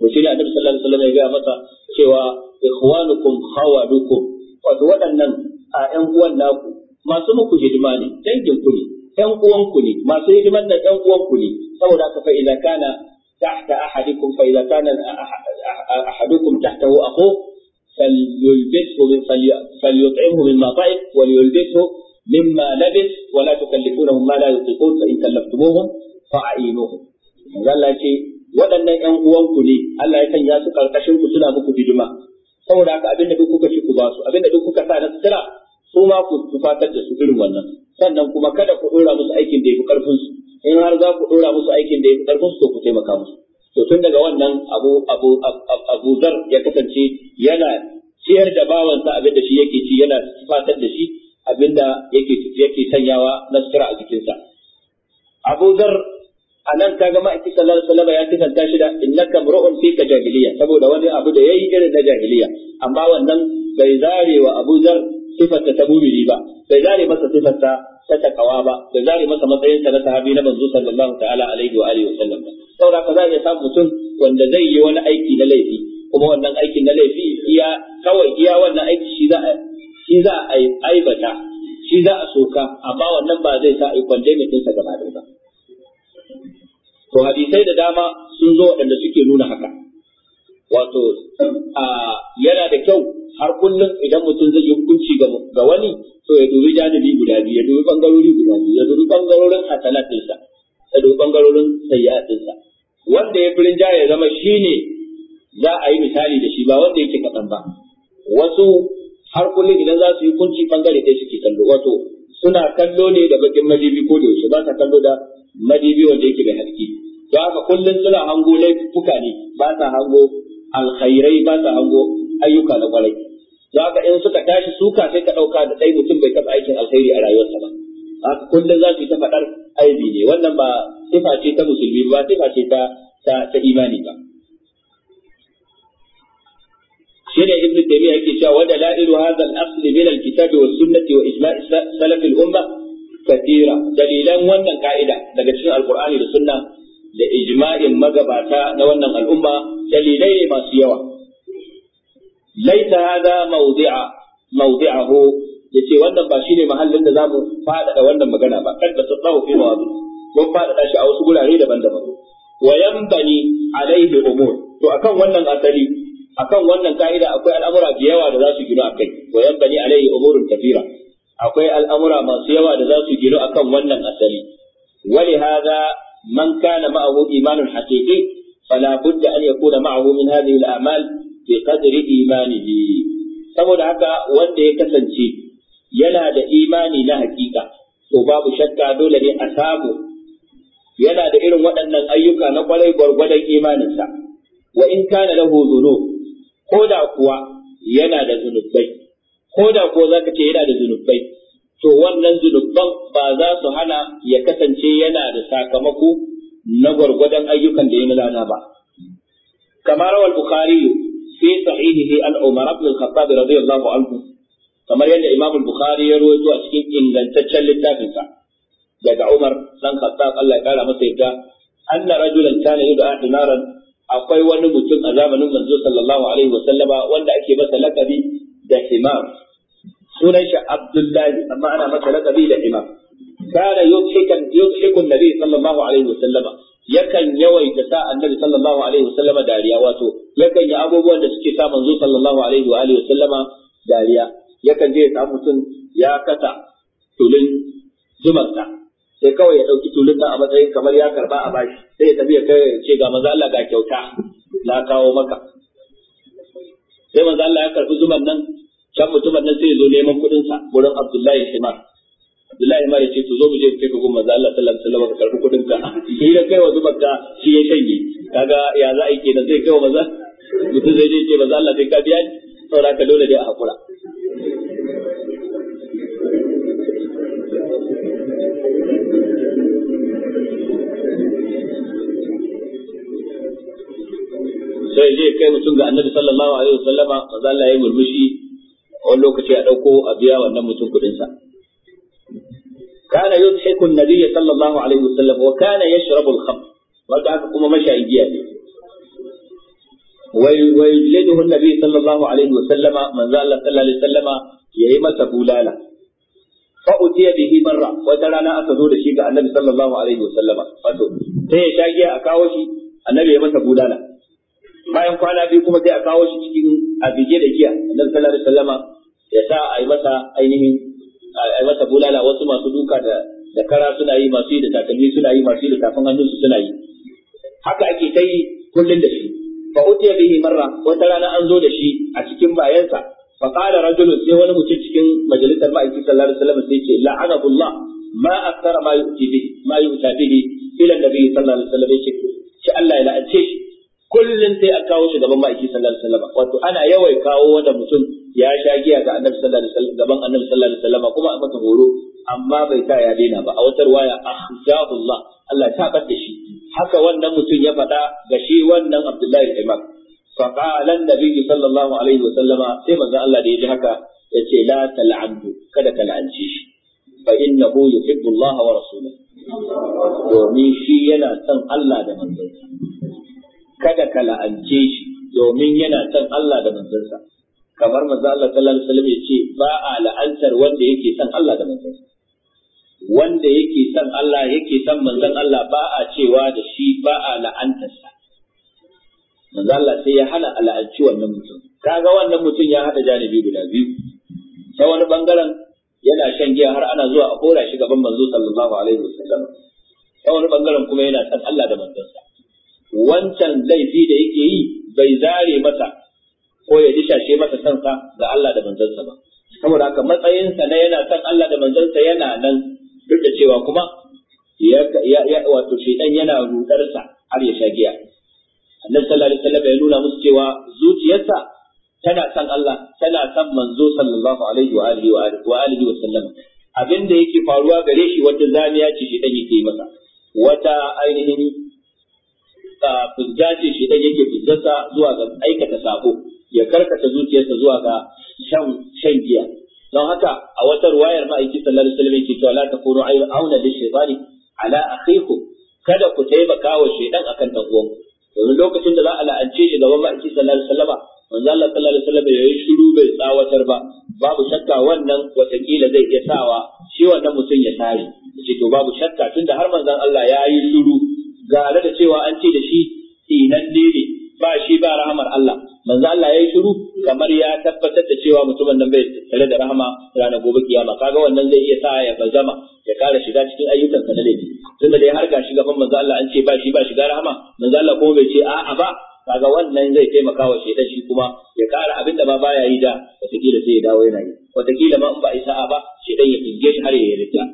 to shi ne annabi sallallahu alaihi wasallam ya ga masa cewa ikhwanukum khawalukum wato waɗannan a ƴan uwan naku masu muku hidima ne dangin ku ne ƴan uwan ku ne masu hidiman da ƴan uwan ku ne saboda haka fa idza kana tahta ahadikum fa idza kana ahadukum tahtahu akhu فليلبسه من فليطعمه مما طعم وليلبسه مما لبس ولا تكلفونهم ما لا يطيقون فإن كلفتموهم فأعينوهم قال لك waɗannan ‘yan uwanku ne Allah ya sanya su ƙarƙashin ku suna muku hidima saboda haka abinda duk kuka ci ku ba su abinda duk kuka sa na sutura su ma ku tufatar da su irin wannan sannan kuma kada ku ɗora musu aikin da ya fi ƙarfin su in har za ku ɗora musu aikin da ya fi ƙarfin su to ku taimaka musu to tun daga wannan abu abu abu zar ya kasance yana ciyar da bawansa abin da shi yake ci yana fatar da shi abin da yake yake sanyawa na sutura a jikinsa abu zar a nan ka ga ma'aiki sallallahu alaihi wasallam ya kisanta shi da innaka mur'un fika jahiliya saboda wani abu da yayi irin na jahiliya amma wannan bai zare wa abu zar sifarta ta mumini ba bai zare masa sifarta ta takawa ba da zari masa matsayin na sahabi na manzo sallallahu ta'ala alaihi wa alihi wasallam ba saboda ka za iya samun mutum wanda zai yi wani aiki na laifi kuma wannan aikin na laifi iya kawai iya wannan aiki shi za a shi za a aibata shi za a soka amma wannan ba zai sa a yi kwandai mai ɗinsa gaba da ba to hadisai da dama sun zo waɗanda suke nuna haka wato yana da kyau har kullum idan mutum zai yi hukunci ga wani to ya dubi janibi guda biyu ya dubi bangarori guda biyu ya dubi bangarorin hasalat ɗinsa ya dubi bangarorin sayyi'at ɗinsa wanda ya firin jaya ya zama shine za a yi misali da shi ba wanda yake kaɗan ba wasu har kullum idan za su yi hukunci bangare ɗaya suke kallo wato suna kallo ne da bakin majibi ko da yaushe ba ta kallo da majibi wanda yake mai haske don haka kullum suna hango laifuka ne ba sa hango alkhairai ba sa hango ayyuka na kwarai za ka in suka tashi suka sai ka ɗauka da ɗai mutum bai taɓa aikin alkhairi a rayuwarsa ba haka kullum za su yi ta faɗar aibi ne wannan ba sifa ce ta musulmi ba sifa ce ta ta imani ba shi ne ibn taymiya yake cewa wa dalailu hadha al-asl min al kitab wa sunnati wa ijma' salaf al-umma katira dalilan wannan ka'ida daga cikin Al-Qur'ani da sunna da ijma'in magabata na wannan al'umma dalilai masu yawa laita hadha mawdi'a mawdi'ahu yace wannan ba shine mahallin da zamu faɗaɗa wannan magana ba kad da tsawo fi mawadi mun faɗaɗa shi a wasu gurare daban-daban wa yanbani alaihi umur to akan wannan asali akan wannan ka'ida akwai al'amura da yawa da za su gino akai wa yanbani alaihi umurun kafira akwai al'amura masu yawa da za su gino akan wannan asali wali hadha man kana ma'ahu imanun haqiqi fala budda an yakuna ma'ahu min hadhihi al'amal bi qadri imanihi saboda haka wanda ya kasance yana da imani na hakika to babu shakka dole ne a samu yana da irin waɗannan ayyuka na kwarai gwargwadon imaninsa wa in kana lahu dhunub ko da kuwa yana da zunubai ko kuwa zaka ce yana da zunubai to wannan zunuban ba za su hana ya kasance yana da sakamako na gwargwadon ayyukan da ya nuna ba kamar al bukhari fi sahihihi an Umar ibn al-Khattab radiyallahu anhu kamar yadda Imam al ya rawaito a cikin ingantaccen littafinsa daga Umar dan Khattab Allah ya kara masa yadda anna a zamanin manzo nabi yakan yawaita sa annabi sallallahu alaihi wasallam dariya wato yakan yi abubuwan da suke sa manzo sallallahu alaihi wa alihi wasallama dariya yakan je ya samu mutum ya kasa tulun zumarsa sai kawai ya ɗauki tulun a matsayin kamar ya karba a bashi sai ya tafi ya kai ce ga manzo Allah ga kyauta na kawo maka sai manzo Allah ya karbi zuman nan can mutumin nan sai ya zo neman kuɗinsa sa gurin Abdullahi Shimar lillahi ma yace to zo mu je mu kai ka gun manzo Allah sallallahu alaihi wasallam ka karbi kudin ka idan kai wa zubar shi ya shanye kaga ya za a yi kenan zai kai wa maza mutum zai je ce manzo Allah sai ka biya ni saboda ka dole dai a hakura sai je kai mutum ga annabi sallallahu alaihi wasallama manzo Allah ya murmushi a wani lokaci a dauko a biya wannan mutum kudin sa kana yudhiku an-nabiy sallallahu alaihi wasallam wa kana yashrabu al-khamr wanda haka kuma masha giya ne Wai yujliduhu an-nabiy sallallahu alaihi wasallam manzo Allah sallallahu alaihi wasallam yayi masa bulala fa utiya bihi marra wata rana aka zo da shi ga annabi sallallahu alaihi wasallam wato sai ya sha giya a kawo shi annabi ya masa bulala bayan kwana biyu kuma sai a kawo shi cikin abige da giya annabi sallallahu alaihi wasallama ya sa a yi masa ainihin a masa bulala wasu masu duka da da kara suna yi masu yi da takalmi suna yi masu yi da tafin hannunsu suna yi haka ake ta yi kullum da shi fa utiya bihi marra wata rana an zo da shi a cikin bayansa fa qala rajulun sai wani mutum cikin majalisar ma'aiki sallallahu alaihi wasallam sai ce la'anahullah ma akthara ma yu'ti bihi ma yu'ta bihi ila nabi sallallahu alaihi wasallam yace shi Allah ya la'ace shi kullun sai an kawo shi gaban ma'aiki sallallahu alaihi wasallam wato ana yawai kawo wanda mutum ya sha giya ga annabi sallallahu alaihi wasallam gaban annabi sallallahu alaihi wasallam kuma a masa horo amma bai sa ya daina ba a wata riwaya akhzahu Allah Allah ta bar shi haka wannan mutum ya faɗa ga shi wannan Abdullahi ibn Umar fa qala annabi sallallahu alaihi wasallama sai manzo Allah da ya ji haka ya ce la tal'anhu kada ka la'ance shi fa innahu yuhibbu Allah wa rasuluhu domin shi yana son Allah da manzonsa kada ka la'ance shi domin yana son Allah da manzansa kamar manzo Allah sallallahu alaihi ya ce ba a la'antar wanda yake son Allah da manzansa wanda yake son Allah yake son manzon Allah ba a cewa da shi ba a la'antarsa manzo Allah sai ya hana la'anci wannan mutum kaga wannan mutum ya hada janibi guda biyu ta wani bangaren yana shan giya har ana zuwa a kora shi gaban manzo sallallahu alaihi wasallam ta wani bangaren kuma yana san Allah da manzansa wancan laifi da yake yi bai zare masa ko ya dishashe masa kansa ga Allah da manzansa ba saboda haka matsayinsa na yana san Allah da manzansa yana nan duk da cewa kuma ya wato shaidan yana rudarsa har ya sha giya annabi sallallahu alaihi wasallam ya nuna musu cewa zuciyarsa tana san Allah tana san manzo sallallahu alaihi wa alihi wa alihi wa sallam abin da yake faruwa gare shi wata zamiya ce dan yake yi masa wata ainihin fujja ce shi dan yake fujjarsa zuwa ga aikata sako ya karkata zuciyarsa zuwa ga shan shan giya don haka a wata ruwayar ma'aiki sallallahu alaihi wasallam yake cewa la takunu auna shaytani ala akhiku kada ku taimaka wa shaydan akan dan uwanku domin lokacin da za a la'ance shi gaban ma'aiki sallallahu alaihi wasallama manzo Allah sallallahu alaihi wasallam yi shiru bai tsawatar ba babu shakka wannan watakila zai iya sawa shi wannan mutum ya sare ce to babu shakka tunda har manzon Allah ya yi shiru gare da cewa an ce da shi tsinanne ne ba shi ba rahamar Allah manzo Allah yayi shiru kamar ya tabbatar da cewa mutumin nan bai tare da rahama ranar gobe kiyama kaga wannan zai iya sa ya bazama ya kara shiga cikin ayyukan sa na laifi tunda dai har gashi gaban manzo Allah an ce ba shi ba shiga rahama manzo Allah kuma bai ce a'a ba kaga wannan zai taimaka wa da shi kuma ya kara abin da ma baya yi da kila sai ya dawo yana yi kila ma in ba a yi ba shaidan ya finge shi har ya yarda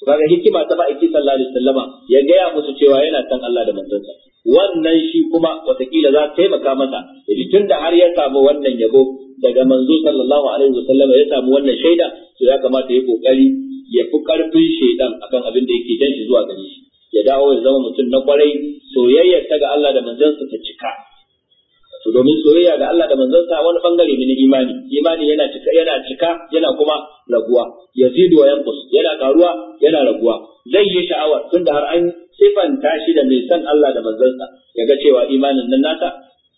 to kaga hikima ta ma'aiki sallallahu alaihi wasallama ya gaya musu cewa yana san Allah da manzonsa wannan shi kuma watakila za ta taimaka masa yaji tunda har ya samu wannan yabo daga manzo sallallahu alaihi wasallama ya samu wannan shaida to ya kamata ya kokari ya fi karfin shaidan akan abin da yake jan shi zuwa gare shi ya dawo ya zama mutum na kwarai soyayyar ta ga Allah da manzonsa ta cika to domin soyayya ga Allah da manzansa wani bangare ne na imani imani yana cika yana cika yana kuma raguwa yazidu wa yanqus yana karuwa yana raguwa zai yi tun tunda har an sifanta shi da mai san Allah da manzansa yaga cewa imanin nan nata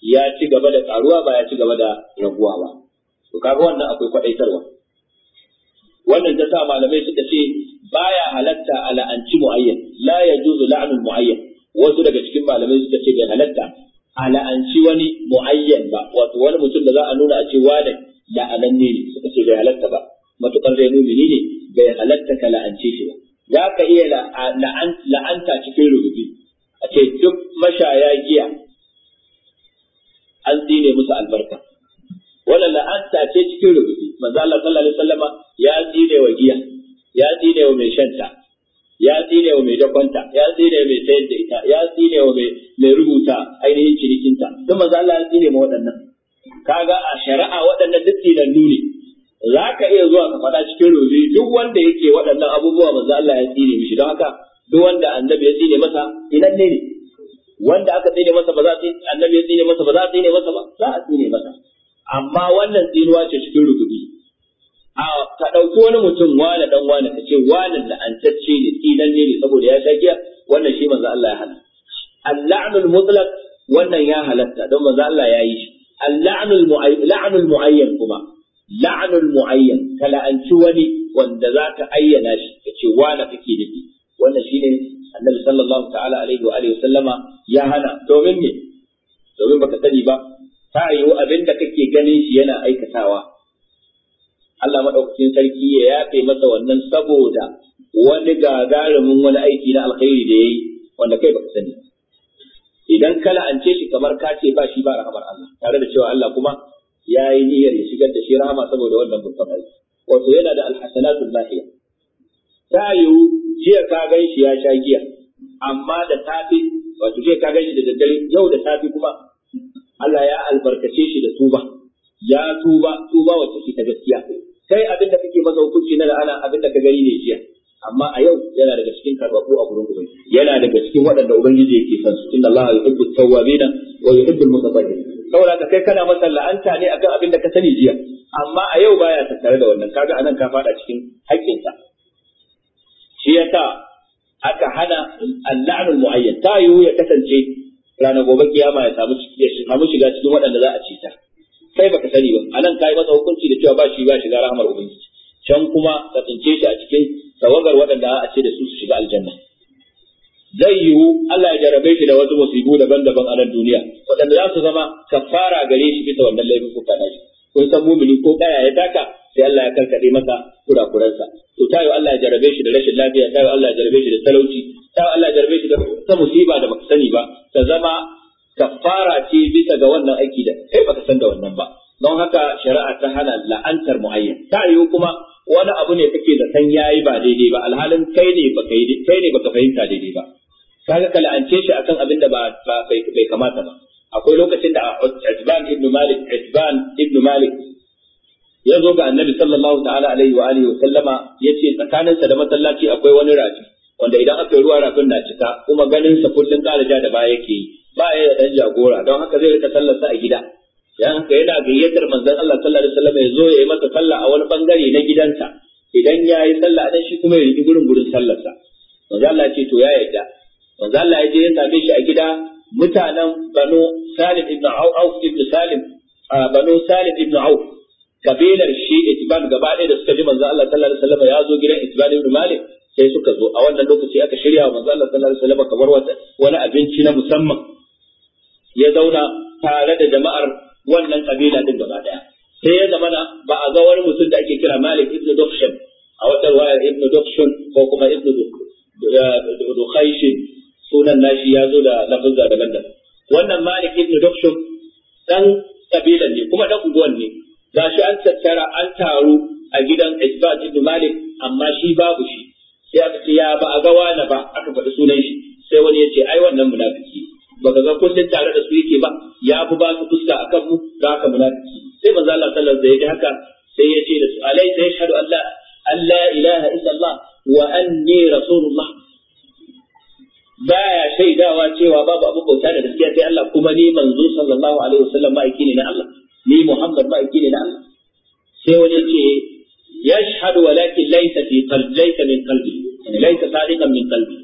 ya ci gaba da karuwa ba ya ci gaba da raguwa ba to kaga wannan akwai kwadaitarwa wannan ta sa malamai suka ce baya halatta a la'anci mu'ayyan la yajuzu la'nul mu'ayyan wasu daga cikin malamai suka ce bai halatta a la'anci wani mu'ayyan ba wato wani mutum da za a nuna a ce wane la'anan ne suka ce bai halatta ba matukar dai mumini ne bai halatta ka la'ance shi ba za ka iya la'anta cikin rubutu a ce duk mashaya giya an tsine musu albarka wannan la'anta ce cikin rubutu manzo Allah sallallahu alaihi wasallama ya tsine wa giya ya tsine wa mai shanta ya tsine wa mai dakwanta ya tsine wa mai sayar da ita ya tsine wa mai rubuta ainihin cinikinta don maza Allah ya tsine ma waɗannan kaga a shari'a waɗannan duk tsinan ne za ka iya zuwa ka faɗa cikin rubi duk wanda yake waɗannan abubuwa maza Allah ya tsine mishi don haka duk wanda annabi ya tsine masa idan ne ne wanda aka tsine masa ba za a annabi ya tsine masa ba za a tsine masa ba za a tsine masa amma wannan tsinuwa ce cikin rubutu ka ɗauki wani mutum wani dan wani ka ce wani la'antacce ne tsinanne ne saboda ya sha giya wannan shi manzo Allah ya hana al-la'nul mutlaq wannan ya halatta don manzo Allah ya yi shi al-la'nul mu'ayyan la'nul mu'ayyan kuma la'nul mu'ayyan an ci wani wanda zaka ayyana shi ka ce wani kake nufi wannan shine annabi sallallahu ta'ala alaihi wa alihi sallama ya hana domin ne domin baka sani ba ta yiwu abin da kake ganin shi yana aikatawa Allah madaukakin sarki ya yafe masa wannan saboda wani gagarumin wani aiki na alkhairi da yayi wanda kai baka sani idan ka la'ance shi kamar ka ce ba shi ba rahamar Allah tare da cewa Allah kuma ya yi niyyar ya shigar da shi rahama saboda wannan babban aiki wato yana da alhasanatul lahiya ta yiwu jiya ka gan shi ya sha giya amma da safe wato jiya ka gan shi da daddare yau da safe kuma Allah ya albarkace shi da tuba ya tuba tuba wacce ke ta gaskiya kai abin da kake masa hukunci na la'ana abin da ka gani ne jiya amma a yau yana daga cikin karbabu a gurin ubangiji yana daga cikin waɗanda ubangiji yake son su inna allaha yuhibbu tawwabina wa yuhibbu al-mutatahhirin saboda ka kai kana masa la'anta ne akan abin da ka sani jiya amma a yau baya tattare da wannan kaga anan ka fada cikin haƙƙinsa shi yasa aka hana al-la'nul mu'ayyan ta yiwu ya kasance ranar gobe kiyama ya samu shiga cikin waɗanda za a ci ta kai baka sani ba anan kai masa hukunci da cewa ba shi ba shiga rahmar ubangiji can kuma ka tsince shi a cikin tawagar waɗanda a ce da su su shiga aljanna zai yiwu Allah ya jarabe shi da wasu musibu daban-daban a nan duniya waɗanda za su zama kafara gare shi bisa wannan kuka na shi kun san mumini ko kaya ya taka sai Allah ya karkade masa kurakuransa to tayo Allah ya jarabe shi da rashin lafiya tayo Allah ya jarabe shi da talauci tayo Allah ya jarabe shi da musiba da baka sani ba ta zama kafara ce bisa ga wannan aiki da kai baka san da wannan ba don haka shari'a ta hana la'antar mu'ayyan ta yiwu kuma wani abu ne kake da san yayi ba daidai ba alhalin kai ne baka yi kai ne baka fahimta daidai ba kaga ka la'ance shi akan abin da ba bai kamata ba akwai lokacin da Itban ibn Malik ibn Malik ya zo ga Annabi sallallahu ta'ala alaihi wa alihi wa sallama yace tsakaninsa da masallaci akwai wani rafi wanda idan aka ruwa rafin na cika kuma ganin sa kullun da baya yake yi ba ya da dan jagora don haka zai rika sallarsa a gida dan haka yana gayyatar manzon Allah sallallahu alaihi wasallam ya zo ya yi masa sallah a wani bangare na gidansa idan ya yi sallah dan shi kuma ya riki gurin gurin sallarsa manzon Allah ce to ya yarda manzon Allah ya je ya same shi a gida mutanen Banu Salim ibn Auf ibn Salim Banu Salim ibn Auf kabilar shi Itban gaba ɗaya da suka ji manzon Allah sallallahu alaihi wasallam ya zo gidan Itban ibn Malik sai suka zo a wannan lokaci aka shirya wa manzon Allah sallallahu alaihi wasallam kamar wani abinci na musamman ya zauna tare da jama'ar wannan kabila din gaba daya sai ya zamana ba a ga wani mutum da ake kira Malik ibn Dukhshan a wata waya ibn Dukhshan ko kuma ibn Dukhayshin sunan nashi ya zo da lafazza daban-daban wannan Malik ibn Dukhshan dan kabila ne kuma dan uguwan ne gashi an tattara an taru a gidan Isbat ibn Malik amma shi babu shi sai aka ce ya ba a ga wani ba aka faɗi sunan shi sai wani ya ce ai wannan munafiki baka ga kullun tare da su yake ba ya fi ba su fuska a kanmu, da haka munafiki sai manzo Allah sallallahu alaihi wasallam haka sai ya ce da su alaysa yashhadu an la an la ilaha illallah wa anni rasulullah baya shaidawa cewa babu abu bauta da gaskiya sai Allah kuma ni manzo sallallahu alaihi wasallam ma'aiki ne na Allah ni Muhammad ma'aiki ne na Allah sai wani ce yashhadu walakin laysa fi qalbi laysa min qalbi laysa sadiqan min qalbi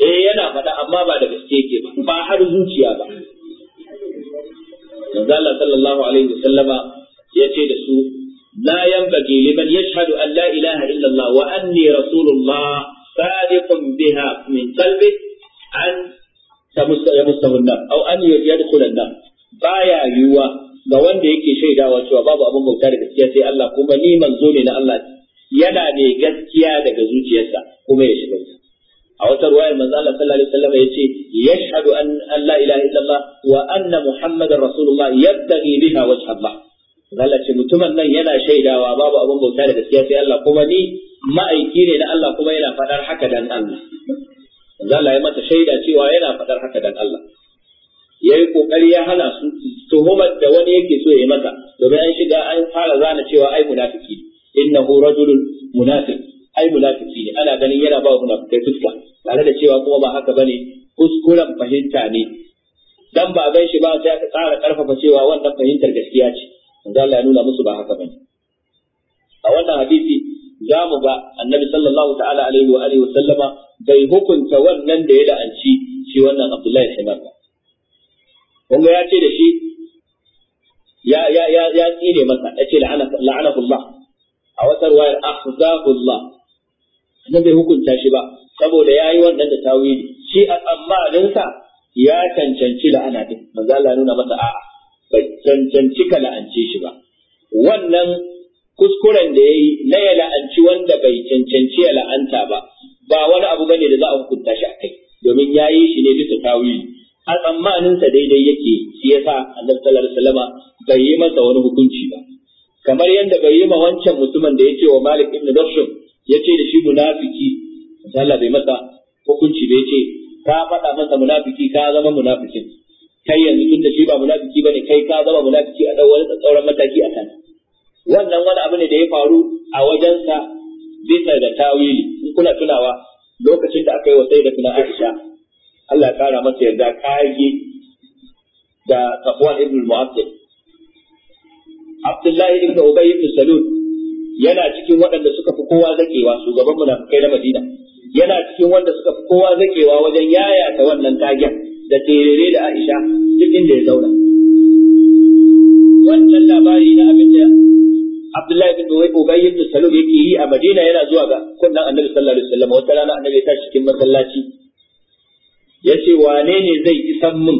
eh yana faɗa amma ba da gaske yake ba ba har zuciya ba manzo Allah sallallahu alaihi wasallama yace da su la yanbaghi liman yashhadu an la ilaha illa Allah wa anni rasulullah sadiqun biha min qalbi an yamussahu aw an yadkhul an ba baya yuwa ga wanda yake shaidawa cewa babu abin bauta da gaskiya sai Allah kuma ni manzo ne na Allah yana ne gaskiya daga zuciyarsa kuma ya shiga a wata ruwayar manzo Allah sallallahu alaihi wasallam yace yashhadu an la ilaha illallah wa anna muhammadar rasulullah yabtaghi biha wajha Allah Allah ce mutumin nan yana shaidawa babu abin bauta da gaskiya sai Allah kuma ni ma'aiki ne na Allah kuma yana fadar haka dan Allah manzo Allah ya mata shaida cewa yana fadar haka dan Allah yayi kokari ya hana su tuhumar da wani yake so ya yi masa domin an shiga an fara zana cewa ai munafiki innahu rajulun munafiq ai munafiki ne ana ganin yana ba munafikai fuska tare da cewa kuma ba haka bane kuskuren fahimta ne dan ba gan shi ba sai aka tsara karfafa cewa wannan fahimtar gaskiya ce manzo Allah ya nuna musu ba haka bane a wannan hadisi za mu ga annabi sallallahu ta'ala alaihi wa alihi sallama bai hukunta wannan da ya la'anci shi wannan Abdullahi Himar ba kun ya ce da shi ya ya ya ya tsine masa ya ce la'anahu Allah a wata ruwayar akhzahu Allah Na bai hukunta shi ba saboda ya yi wannan da tawili shi a tsammaninsa ya cancanci la'ana din manzo Allah nuna masa a'a bai cancanci ka la'ance shi ba wannan kuskuren da yayi na ya la'anci wanda bai cancanci ya la'anta ba ba wani abu bane da za a hukunta shi akai domin ya yi shi ne bisa tawili a tsammaninsa daidai yake shi yasa Annabi sallallahu alaihi wasallam bai yi masa wani hukunci ba kamar yadda bai yi ma wancan mutumin da ya ce wa Malik ibn ya ce da shi munafiki Allah bai masa hukunci bai ce ka faɗa masa munafiki ka zama munafikin kai yanzu tun da shi ba munafiki bane kai ka zama munafiki a dawo da tsauran mataki a kan wannan wani abu ne da ya faru a wajensa bisa da tawili in kuna tunawa lokacin da aka yi wa sai da tuna Aisha Allah ya kara masa yarda kage da Safwan ibn Mu'azzib Abdullahi ibn Ubay ibn Salul yana cikin waɗanda suka fi kowa zakewa shugaban munafikai na Madina yana cikin wanda suka fi kowa zakewa wajen yayata wannan kagen da terere da Aisha duk inda ya zauna wannan labari na abin da Abdullahi bin Ubay Ubay ibn Salul yake yi a Madina yana zuwa ga kunnan Annabi sallallahu alaihi wasallam wata rana Annabi ya tashi cikin masallaci yace wane ne zai isan min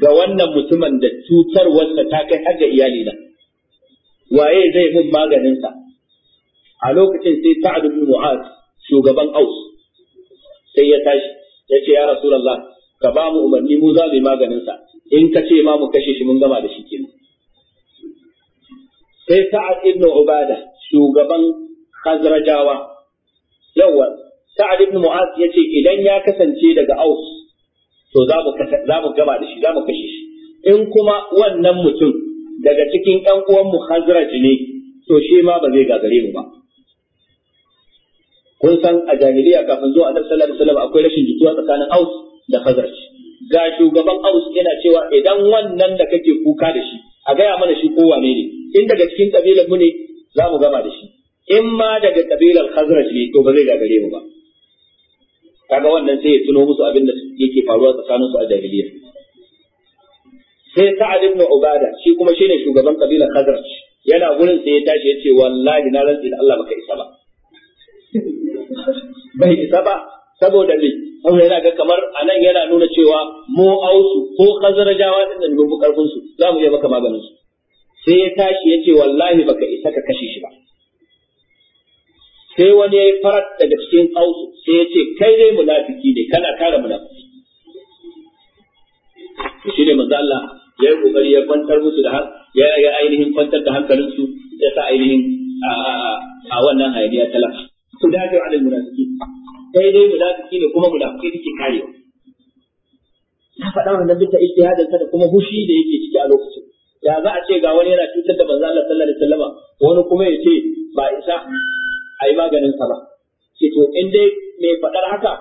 ga wannan mutumin da cutarwarsa ta kai har ga iyalina waye zai bin maganinsa a lokacin sai sa'ad ibn mu'az shugaban aus sai ya tashi ya ce ya rasulullah ka ba mu umarni mu za mu yi sa. in ka ce ma mu kashe shi mun gama da shi kenan sai sa'ad ibn ubada shugaban khazrajawa yawa Sa'ad ibn Mu'az ya ce idan ya kasance daga Aus to za mu gama da shi za mu kashe shi in kuma wannan mutum daga cikin ‘yan uwanmu Hazrat ne, to shi ma ba zai gagare mu ba. Kun san a jahiliya kafin zuwa Annabi sallallahu alaihi wasallam akwai rashin jituwa tsakanin Aus da Hazrat. Ga shugaban Aus yana cewa idan wannan da kake kuka da shi, a gaya mana shi ko wane ne, in daga cikin kabilar mu ne za mu gama da shi. In ma daga kabilar Hazrat ne to ba zai gagare mu ba. Kaga wannan sai ya tuno musu abin da yake faruwa tsakaninsu a jahiliya. sai sa'ad ibn ubada shi kuma shine shugaban kabilar khazraj yana gurin sai ya tashi ya ce wallahi na rantsi da Allah baka isa ba bai isa ba saboda me saboda yana ga kamar anan yana nuna cewa mu ausu ko khazrajawa din nan mun karfin su za mu iya maka maganin su sai ya tashi ya ce wallahi baka isa ka kashe shi ba sai wani ya yi farat daga cikin ausu sai ya ce kai dai munafiki ne kana kare munafiki shi ne manzo Allah ya yi kokari ya kwantar musu da ya ya ainihin kwantar da hankalinsu ya sa ainihin a wannan hayaniya talaka to da ga alal munafiki sai dai munafiki ne kuma munafiki yake kare na faɗa wannan duk da ijtihadin sa da kuma hushi da yake ciki a lokacin ya za a ce ga wani yana cutar da manzo Allah sallallahu alaihi wasallam wani kuma ya ce ba isa a yi maganin sa ba ce to in dai mai faɗar haka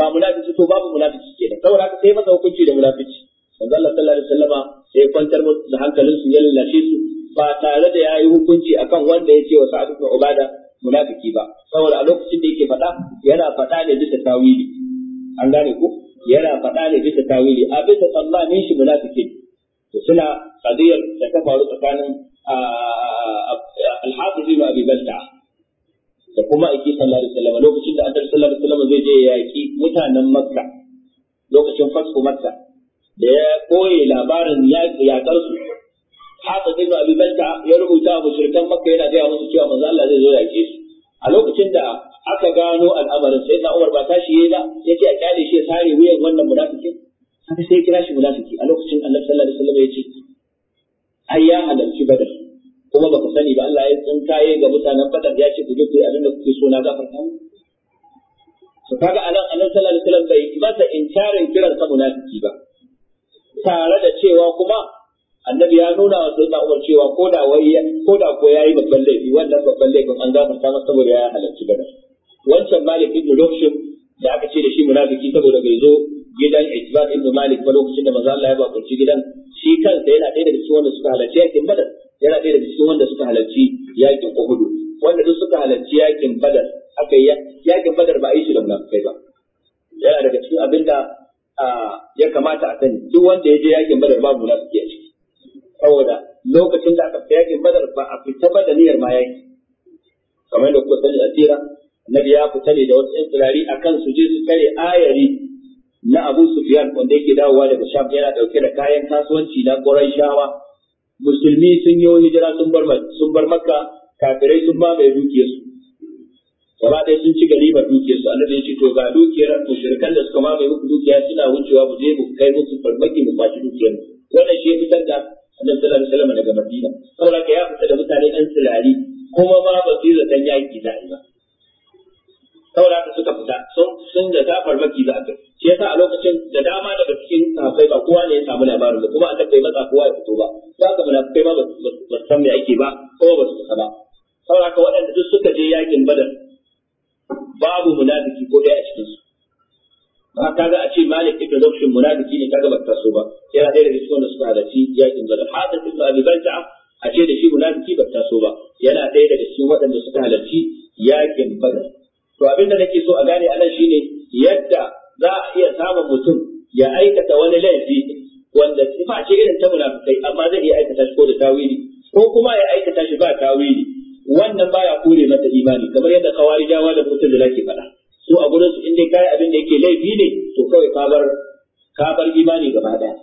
ba munafiki to babu munafiki kenan saboda haka sai masa hukunci da munafiki manzo sallallahu alaihi wasallama sai kwantar musu da hankalin su ya lallashe su ba tare da yayi hukunci akan wanda yake wa sa'ad ibn ubada munafiki ba saboda a lokacin da yake faɗa yana faɗa ne bisa tawili an gane ku? yana faɗa ne bisa tawili a bisa tsammanin shi munafiki to suna qadiyar da ta faru tsakanin al-hafiz ibn abi balta da kuma ake sallallahu alaihi wasallama lokacin da annabi sallallahu alaihi wasallama zai je yaki mutanen makka lokacin fasfo makka da ya koye labarin yakar su haka ibn abi balta ya rubuta wa mushrikan makka yana gaya musu cewa manzo Allah zai zo yake su a lokacin da aka gano al'amarin sai na Umar ba shi yayi ba yace a kyale shi ya sare wuyan wannan munafikin haka sai kira shi munafiki a lokacin Allah sallallahu alaihi wasallam ce ai ya halarci badar kuma baka sani ba Allah ya tsinkaye ga mutanen badar ya ce ku je ku yi abin da kuke so na gafarta mu to kaga anan Annabi sallallahu alaihi wasallam bai masa inkarin kiran sa munafiki ba tare da cewa kuma annabi ya nuna wa sayyidina Umar cewa ko da wai ko da ko yayi babban laifi wannan babban laifin an gafarta masa saboda ya halarci badar wancan Malik ibn Rushd da aka ce da shi munafiki saboda bai zo gidan Ijban ibn Malik ba lokacin da manzo Allah ya bakunci gidan shi kansa yana ɗaya daga cikin wanda suka halarci yakin badar yana ɗaya daga cikin wanda suka halarci yakin Uhud wanda duk suka halarci yakin badar aka yakin badar ba a yi shi da munafikai ba yana daga cikin abinda ya kamata a sani duk wanda ya je yakin badar babu munafiki a ciki saboda lokacin da aka fita yakin badar ba a fita ba da niyyar ma yaki kamar da kuka sani asira annabi ya fita ne da wasu yan turari akan su je su kare ayari na Abu Sufyan wanda yake dawowa daga Sham yana dauke da kayan kasuwanci na shawa. musulmi sun yi hijira sun bar sun bar Makka kafirai sun mamaye dukiyarsu gaba ɗaya sun ci garibar dukiyar su annabi ya ce to ga dukiyar mushrikan da suka mamaye muku dukiya suna wucewa mu je mu kai musu farmaki mu kwashi dukiyar wannan shi ya fitar da annabi sallallahu alaihi wasallam daga Madina saboda ka ya fita da mutane ɗan tsirari, kuma ma ba su yi zaton yaƙi da ba saboda ka suka fita sun sun da ta farmaki da aka shi yasa a lokacin da dama daga cikin sahabbai ba kowa ne ya samu labarin ba kuma a tabbai maza kowa ya fito ba za ka kai ma ba su san me ake ba kuma ba su kasa ba saboda ka waɗanda duk suka je yaƙin badar babu munafiki ko ɗaya a cikin su ba kaga a ce malik ibn rukshin munafiki ne kaga ba ta so ba yana ɗaya daga cikin wanda suka halarci yakin badar hadith ibn abi balta'a a ce da shi munafiki ba ta so ba yana ɗaya daga cikin waɗanda suka halarci yakin bada to abinda nake so a gane anan shine yadda za a iya samun mutum ya aikata wani laifi wanda a ce irin ta munafikai amma zai iya aikata shi ko da tawili ko kuma ya aikata shi ba tawili wannan baya kore mata imani kamar yadda kawarijawa da mutum da ke faɗa su a gurin su inda kai abin da yake laifi ne to kawai ka bar ka bar imani gaba ɗaya,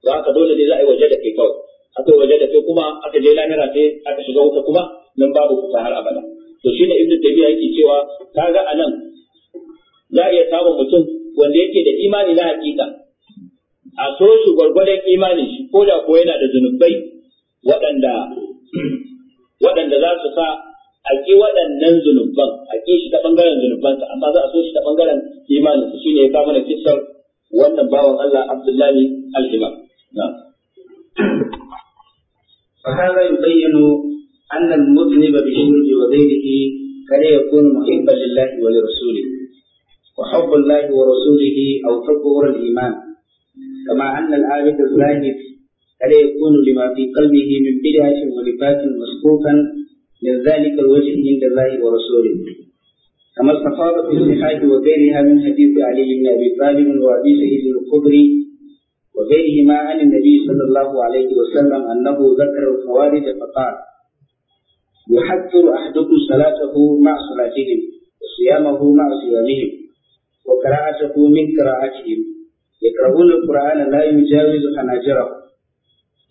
to ka dole ne za a yi waje da kai kawai aka waje da kai kuma aka je lahira sai aka shiga wuta kuma nan babu kusa har abada to shi ne ibnu tabiya yake cewa kaga anan za a iya samun mutum wanda yake da imani na hakika a so shi gwargwadon imanin shi ko da ko yana da zunubai waɗanda waɗanda za su sa a ƙi waɗannan zunuban a ƙi shi ta ɓangaren zunubansa amma za a so shi ta ɓangaren imaninsa shi ne ya kama da kissar wannan bawan Allah Abdullahi Al-Himam. فهذا يبين أن المذنب بالشرك وغيره قد يكون محبا لله ولرسوله وحب الله ورسوله أو حب الإيمان كما أن العابد الزاهد ألا يكون لما في قلبه من بدعة ولباس مسقوطا من ذلك الوجه عند الله ورسوله كما استفاض في الصحاح وغيرها من حديث علي بن أبي طالب وأبي سعيد الخدري وغيرهما عن النبي صلى الله عليه وسلم أنه ذكر الخوارج فقال يحذر أحدكم صلاته مع صلاتهم وصيامه مع صيامهم وقراءته من قراءتهم يقرؤون القرآن لا يجاوز حناجرهم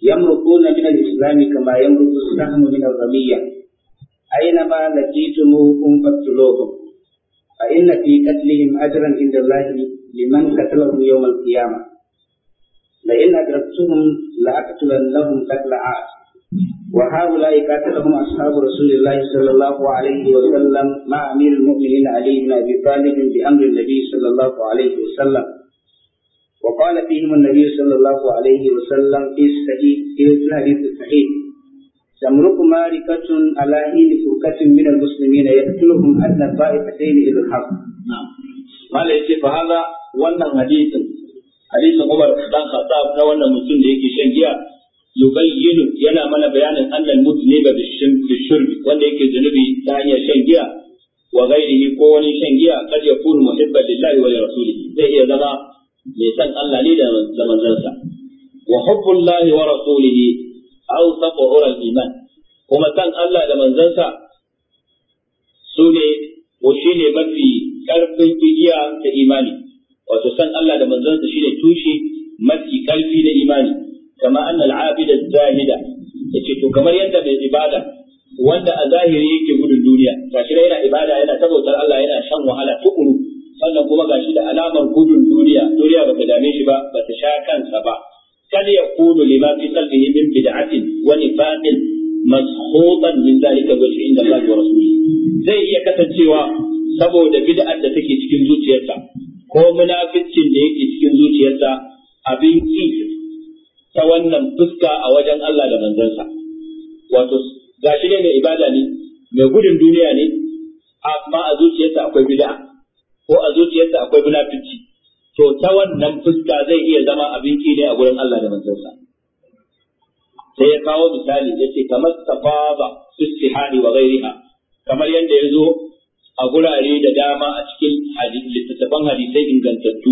يمرقون من الإسلام كما يمرق السهم من الرمية أينما لقيتموهم فاقتلوهم فإن في قتلهم أجرا عند الله لمن قتله يوم القيامة لئن أدركتهم لأقتلنهم قتل عاد وهؤلاء قاتلهم أصحاب رسول الله صلى الله عليه وسلم مع أمير المؤمنين علي بن أبي طالب بأمر النبي صلى الله عليه وسلم وقال فيهم النبي صلى الله عليه وسلم في الصحيح في الحديث الصحيح تمرق ماركة على حين فرقة من المسلمين يقتلهم أن الطائفتين إلى الحق. نعم. قال يجي فهذا وانا حديث حديث عمر بن الخطاب ده وانا مسلم يجي شنجيا يبين ينا من بيان أن المذنب بالشرب وانا يجي ذنبي ثانية شنجيا وغيره كوني شنجيا قد يكون محبا لله ولرسوله. زي هي زمان mai san Allah ne da manzansa wa hubbullahi wa rasulihi aw taqur iman kuma san Allah da manzansa su ne ko ne mafi karfin igiya ta imani wato san Allah da manzansa shi ne tushe mafi karfi na imani kama anna al-abida zahida yace to kamar yadda mai ibada wanda a zahiri yake gudun duniya gashi yana ibada yana tabautar Allah yana shan wahala tukuru sannan kuma gashi da alamar gudun duniya duniya ba ta dame shi ba ba ta sha kansa ba kal yakunu lima fi qalbihi min bid'atin wa nifaqin mashutan min zalika wajhi inda Allah wa rasuli zai iya kasancewa saboda bid'ar da take cikin zuciyarsa ko munaficcin da yake cikin zuciyarsa abin ki ta wannan fuska a wajen Allah da manzansa wato gashi ne mai ibada ne mai gudun duniya ne amma a zuciyarsa akwai bid'a ko a zuciyarsa akwai munafici to ta wannan fuska zai iya zama abin ne a gurin Allah da manzansa sai ya kawo misali ya ce kamar tafaba istihani wa ghairiha kamar yadda ya zo a gurare da dama a cikin littattafan hadisai ingantattu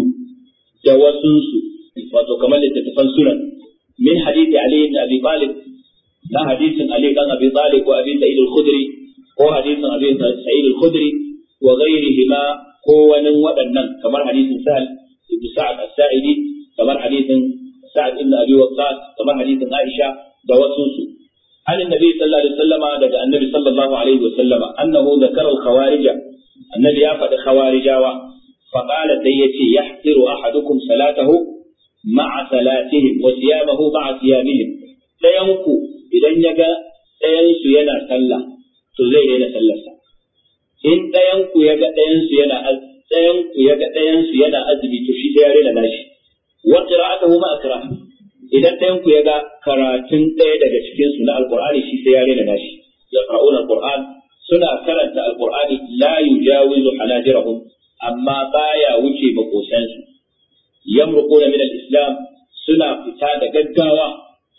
da su wato kamar littattafan sunan min hadisi Ali ibn Abi Talib na hadisin Ali kan Abi Talib ko Abi Sa'id al-Khudri ko hadisin Abi Sa'id al-Khudri wa ghairihima ko waɗannan kamar hadisin sa'al ibnu sa'ad as-sa'idi kamar hadisin sa'ad ibn abi waqqas kamar hadisin aisha da wasu su عن النبي صلى الله عليه وسلم دجا النبي صلى الله عليه وسلم أنه ذكر الخوارج النبي يفد خوارج فقال سيتي يحقر أحدكم صلاته مع صلاتهم وصيامه مع صيامهم ɗayanku idan ya ga ɗayansu yana sallah to zai daina sallarsa in ɗayan ku ya ga ɗayan su yana ɗayan ku ya ga ɗayan su yana azumi to shi sai ya rena nashi wa qira'atuhu ma akra idan ɗayan ku ya ga karatun ɗaya daga cikin su na alqur'ani shi sai ya rena nashi yaqra'una alqur'an suna karanta alqur'ani la yujawizu halajirahum amma baya wuce makosansu yamruquna min al-islam suna fita da gaggawa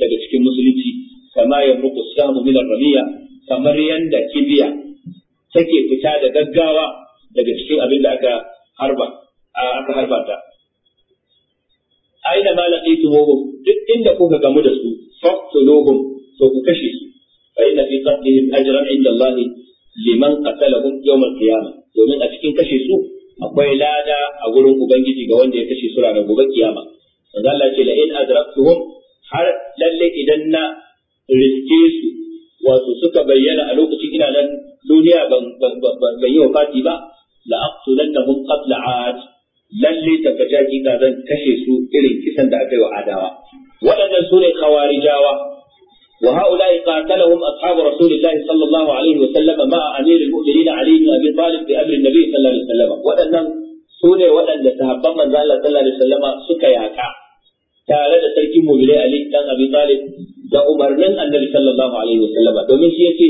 daga cikin musulunci kama yamruqu samu min ar-ramiya kamar yanda kibiya take fita da gaggawa daga cikin abin da aka harba aka harba ta aina ma laqitumuhum duk inda kuka gamu da su faqtuluhum to ku kashe su fa inna fi qatlihim ajran inda Allah liman qatalahum yawm al-qiyamah domin a cikin kashe su akwai lada a gurin ubangiji ga wanda ya kashe su ranar gobe kiyama manzo Allah ce la in adraktuhum har lalle idan na riske su wato suka bayyana a lokacin ina nan duniya ban yi wafati ba la aqtulannahum qabla aad lalle daga jaki ga zan kashe su irin kisan da aka yi wa adawa waɗannan sune ne khawarijawa wa haula qatalahum ashabu rasulillahi sallallahu alaihi wa sallama ma'a amirul mu'minin ali ibn abi talib bi amri nabi sallallahu alaihi wa sallama waɗannan sune ne waɗanda sahabban manzo Allah sallallahu alaihi wa sallama suka yaka tare da sarkin mu'minin ali dan abi talib da umarnin annabi sallallahu alaihi wasallama domin shi yace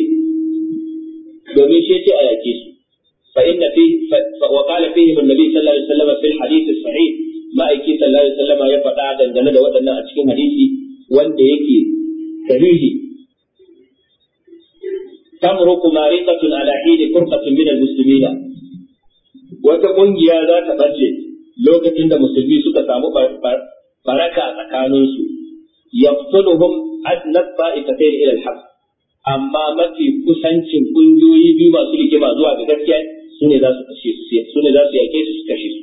domin shi yace a yake su fa inna fi wa qala fihi annabi sallallahu alaihi fil hadith sahih ma'aiki sallallahu alaihi wasallama ya faɗa dangane da waɗannan a cikin hadisi wanda yake sahihi تمرق مارقة على حين فرقة من المسلمين وتقنجيا ذات بجل لوكة عند مسلمين سكة سامو فرقة تكانون سو يقتلهم adna ta'ifatayn ila al-haq amma mafi kusancin kungiyoyi biyu masu rigima zuwa ga gaskiya su ne za su kashe su Su ne za su yake su kashe su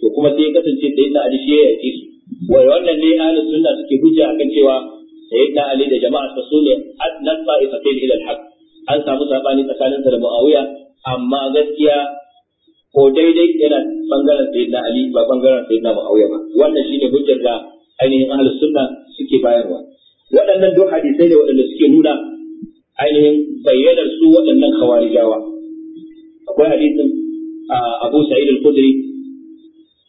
to kuma sai ya kasance da yadda ali shi ya yake su wai wannan ne ahlus sunna suke hujja akan cewa sayyidina ali da jama'a su sune adna ta'ifatayn ila al-haq an samu sabani tsakanin da muawiya amma gaskiya ko daidai yana bangaren sayyidina ali ba bangaren sayyidina muawiya ba wannan shine hujjar da ainihin ahlus sunna suke bayarwa waɗannan duk hadisai ne waɗanda suke nuna ainihin bayyanar su waɗannan khawarijawa akwai hadisin Abu Sa'id al-Khudri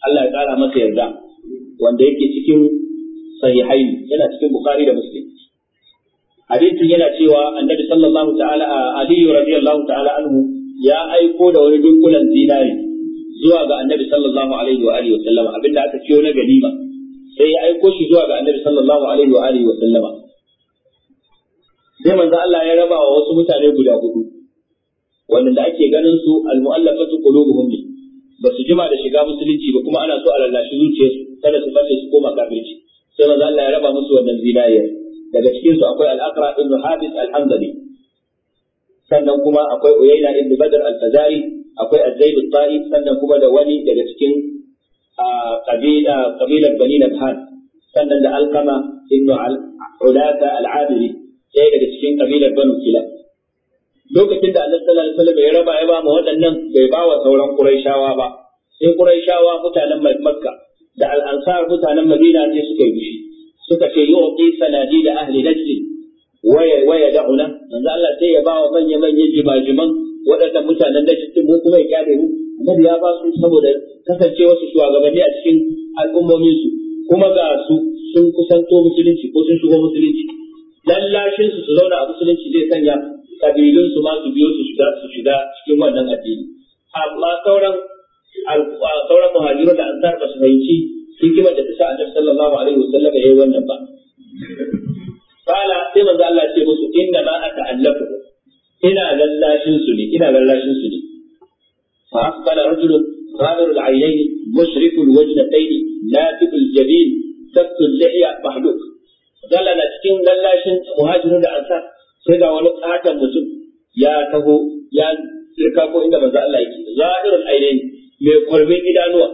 Allah ya kara masa yarda wanda yake cikin sahihain yana cikin Bukhari da Muslim hadisin yana cewa Annabi sallallahu ta'ala Ali radiyallahu ta'ala anhu ya aiko da wani dunkulan zinari zuwa ga Annabi sallallahu alaihi wa alihi wa sallama abinda aka ciyo na ganima sai ya aiko shi zuwa ga annabi sallallahu alaihi wa alihi wa sallama sai manzo Allah ya raba wa wasu mutane guda hudu wanda ake ganin su almu'allafatu qulubuhum ne ba su jima da shiga musulunci ba kuma ana so a lallashi zuciyarsu kada su bace su koma kafirci sai manzo Allah ya raba musu wannan zinayar daga cikin su akwai al-Aqra ibn Habis al-Hanzali sannan kuma akwai Uyayna ibn Badr al-Fazari akwai Az-Zaid al-Ta'i sannan kuma da wani daga cikin A ƙabilar bani nabhan sannan da alkama ibnu ulata al'adili ɗaya daga cikin ƙabilar banu kila lokacin da annabi sallallahu alaihi wasallam ya raba ya ba mu waɗannan bai ba wa sauran quraishawa ba sai quraishawa mutanen makka da al'ansar mutanen madina sai suka yi fushi suka ce yi wa sanadi da ahli najd waya da'una manzo Allah sai ya ba wa manya manyan jimajiman waɗannan mutanen najd mu kuma ya kyale mu annabi ya ba su saboda kasance wasu shugabanni a cikin al'ummomin su kuma ga su sun kusanto musulunci ko sun shigo musulunci lallashin su su zauna a musulunci zai sanya kabilun su ma su biyo su shiga su shiga cikin wannan addini amma sauran sauran muhajiru da ansar ba su fahimci hikimar da ta sa annabi sallallahu alaihi wasallam yayin wannan ba qala sai manzo Allah ya ce musu inna ma ata'allafu ina lallashin su ne ina lallashin su ne فأقبل رجل غامر العينين مشرف الوجنتين نافذ الجبين سبت اللحية محلوق قال أنا cikin lallashin muhajirin da ansar sai ga wani katon mutum ya taho ya tsirka ko inda manzo Allah yake zahirul ainain mai kurbin idanuwa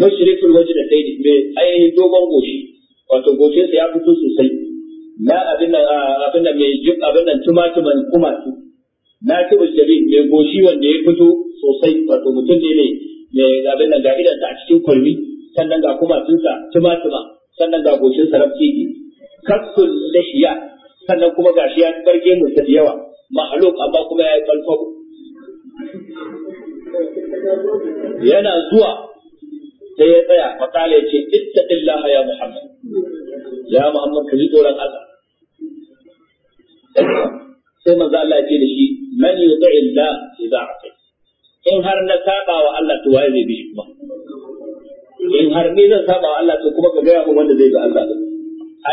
mushrikul wajnatayn mai ainihin dogon goshi wato goshin sa ya fito sosai na abin nan mai jib abin nan tumatuman kumatu na tubul jabin mai goshi wanda ya fito sosai wato mutum ne mai abin nan ga idansa a cikin kulmi sannan ga kumatunsa tuma-tuma sannan ga goshinsa Kaskun kasul lahiya sannan kuma ga shi ya barge mutum da yawa mahaluk amma kuma ya yi falfago yana zuwa sai ya tsaya fatala ya ce illaha ya muhammad ya muhammad ka ji tsoron Allah sai manzo Allah ya ce da shi man yuti'illah idza kai. in har na saba wa Allah to waye zai bi shi kuma in har ni zan saba wa Allah to kuma ka gaya min wanda zai bi Allah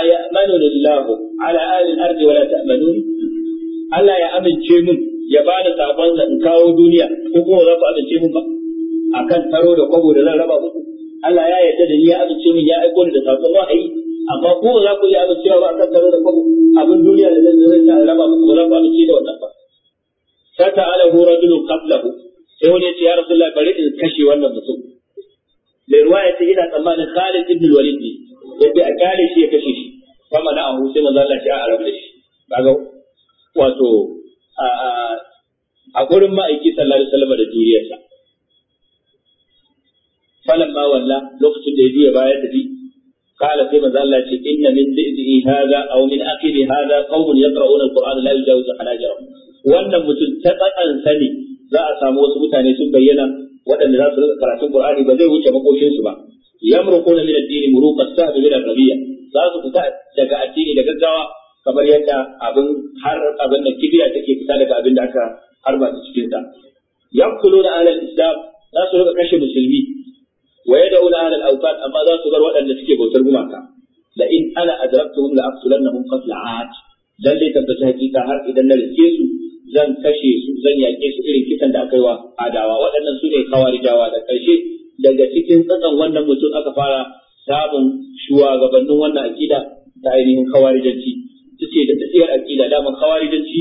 ayamanu lillahu ala ahli al-ardi wa la ta'manun Allah ya amince min ya bani sabon in kawo duniya ko kuma za ku amince min ba akan taro da kwabo da zan raba muku Allah ya yarda da ni ya amince min ya aiko ni da ba wahayi amma ko za ku yi amince ba akan taro da kwabo abin duniya da zan raba muku ba za ku amince da wannan ba fata'alahu rajulun qablahu sai wani ce ya rasulullah bari in kashe wannan mutum mai ruwa ya ce ina tsammanin Khalid ibn Walid ne yace a kare shi ya kashe shi kama na ahu sai manzo Allah ya arabu da shi kaga wato a a gurin ma'aiki sallallahu alaihi wasallam da falan ma walla lokacin da ya juya baya tafi قال سيما الله إن من ذئبه هذا أو من أخيه هذا قوم يقرؤون القرآن لا يجاوز حناجرهم وأن متلتقى أنسني za a samu wasu mutane sun bayyana waɗanda za su rika karatun Qur'ani ba zai wuce makoshin su ba yamruquna min ad-dini muruqa sahbi min al-rabiya za su fita daga addini da gaggawa kamar yadda abin har abin da kibiya take fita daga abin da aka harba ta cikin ta. yaquluna ala al-islam za su rika kashe musulmi wa yad'una ala al-awqat amma za su bar waɗanda suke bautar gumaka la in ana adraktuhum la aqtulannahum qatl 'ad lalle tabbata hakika har idan na riske su zan kashe su zan yake su irin kisan da aka yi wa adawa waɗannan su ne kawarijawa da ƙarshe daga cikin tsakan wannan mutum aka fara samun shugabannin wannan akida ta ainihin kawarijanci su ce da tafiyar akida daman kawarijanci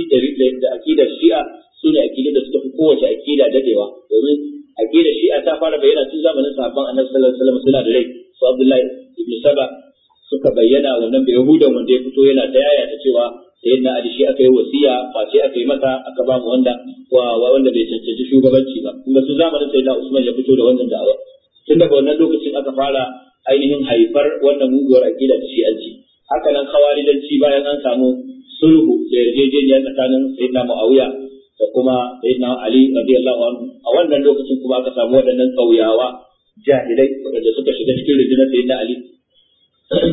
da akidar shi'a su ne akidar da suka fi kowace akida dadewa domin akidar shi'a ta fara bayyana tun zamanin sahabban annabi sallallahu alaihi wasallam suna da rai su abdullahi ibn saba suka bayyana wannan bai yahudan wanda ya fito yana ta yaya ta cewa masa aka ba mu wanda wa wanda bai cancanci shugabanci ba kuma su zamanin sai da Usman ya fito da wannan da'awa tun daga wannan lokacin aka fara ainihin haifar wannan muguwar aqida da shi'anci haka nan khawarijanci bayan an samu sulhu da yarjejeniya tsakanin sayyidina Muawiya da kuma sayyidina Ali radiyallahu anhu a wannan lokacin kuma aka samu waɗannan kauyawa jahilai waɗanda suka shiga cikin rundunar sayyidina Ali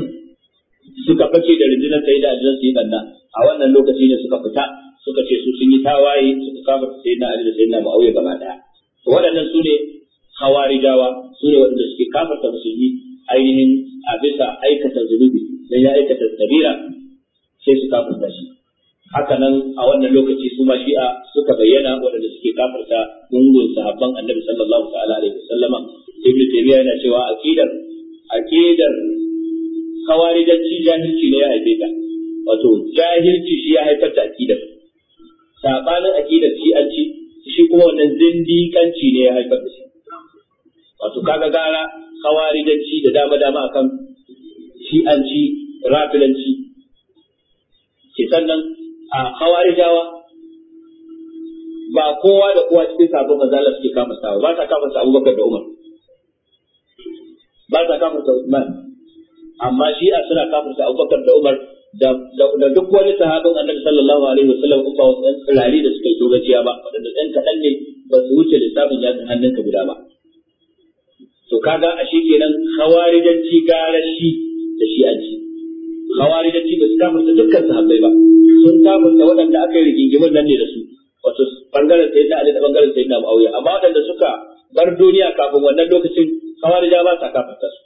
suka fice da rundunar sayyidina Ali sai banna a wannan lokaci ne suka fita suka ce su sun yi tawaye suka kafa sayyidina Ali da sayyidina Muawiya gaba daya waɗannan su ne hawarijawa su ne waɗanda suke kafarta musulmi ainihin a bisa aikata zunubi da ya aikata kabira sai su kafarta shi haka nan a wannan lokaci su ma shi'a suka bayyana waɗanda suke kafarta gungun sahabban annabi sallallahu ta'ala alaihi wasallama ibnu taymiya yana cewa aqidar aqidar khawarijanci jahilci ne ya haife ta wato jahilci shi ya haifar da aqidar sabanin aqidar shi'anci shi kuma wannan zindiƙanci ne ya haifar da shi wato kaga gara khawarijanci da dama dama akan shi'anci rafilanci ke sannan a khawarijawa ba kowa da kowa cikin sabon manzala suke kama sa ba ta kama sabu Abubakar da Umar ba ta kama sa Usman amma shi'a suna kama sa Abubakar da Umar da duk wani sahabin annabi sallallahu alaihi wasallam in ba wasu ɗan tsirari da suka yi gajiya ba waɗanda ɗan kaɗan ne ba su wuce lissafin yatsun hannunka guda ba to kaga a shi kenan khawarijanci gara shi da shi an ci khawarijanci ba su kafirta dukkan sahabbai ba sun kafirta waɗanda aka yi rigingimin nan ne da su wato bangaren sai da ali da bangaren sai da muawiya amma waɗanda suka bar duniya kafin wannan lokacin khawarija ba sa kafirta su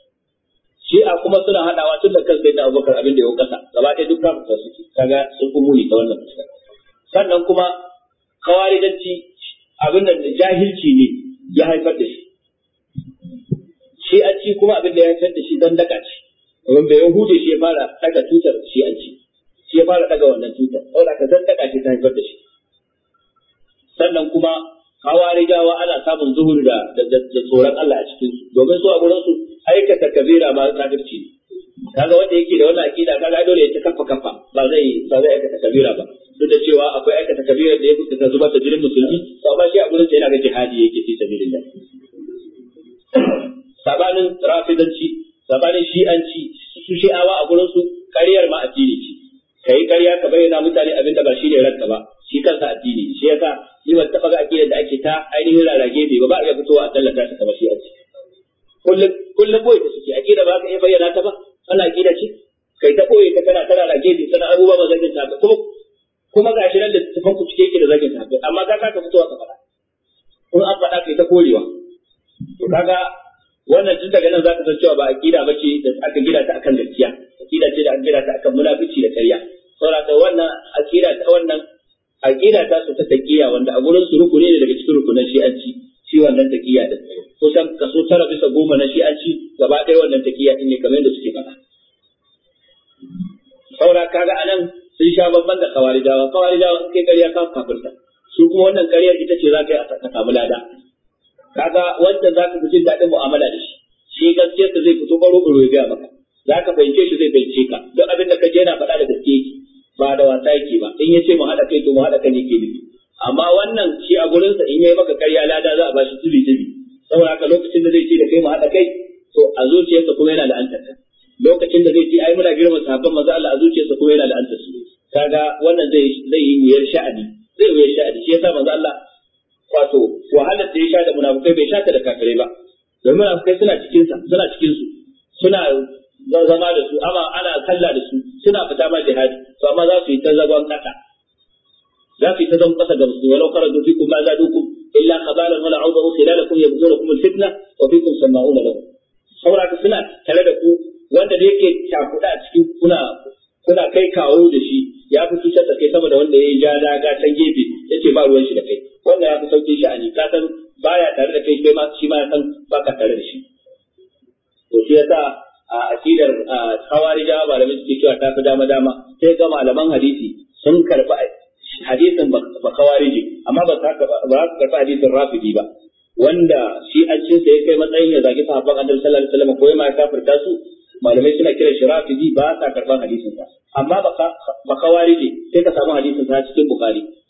shi'a kuma suna hadawa tun da kan sayyidina abubakar abin da ya kasa gaba ɗaya duk kafin su suke kaga sun fi muni ta wannan fuskar sannan kuma kawarijanci abin da jahilci ne ya haifar da shi shi'anci kuma abin da ya haifar da shi dan daka ce domin bai hude shi ya fara daga tutar shi'anci shi ya fara daga wannan tutar saboda ka san daka ce ta haifar da shi sannan kuma gawa ana samun zuhur da tsoron Allah a cikin domin su a gurinsu aikata kabira ma kafirci ne kaga wanda yake da wannan aqida kaga dole ya ta kafa kafa ba zai ba zai aikata kabira ba duk da cewa akwai aikata kabira da ya ta zubar da jirin musulmi to amma shi a gurin yana ga jihadi yake fi sabilillah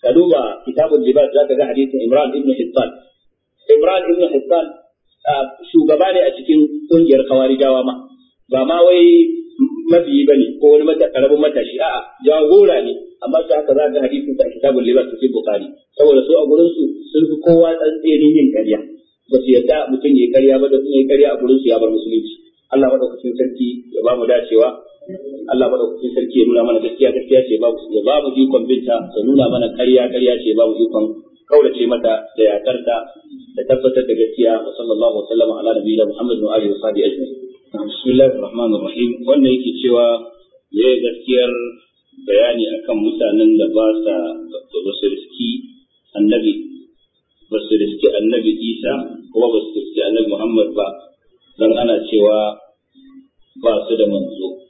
ka duba kitabul libas ka ga hadisin Imran ibn Hissan Imran ibn Hissan shugaba ne a cikin kungiyar kawarijawa ma ba ma wai mabiyi ne ko wani mata matashi a'a jagora ne amma sai haka zaka ga hadisin sa kitabul libas cikin Bukhari saboda su a gurin su sun fi kowa tsantsenin yin karya. ba su yadda mutum ya karya ba da sun yi ƙarya a gurin su ya bar musulunci Allah madaukakin sarki ya ba mu dacewa Allah madaukakin sarki ya nuna mana gaskiya gaskiya ce babu ya babu jikon binta ya nuna mana ƙarya ƙarya ce babu jikon kaurace mata da yakar da da tabbatar da gaskiya wa sallallahu wasallam ala nabiyina Muhammad wa alihi wa sahbihi ajma'in bismillahir rahmanir rahim wannan yake cewa ya gaskiyar bayani akan mutanen da ba sa ba riski annabi ba su riski annabi Isa kuma ba su riski annabi Muhammad ba dan ana cewa ba su da manzo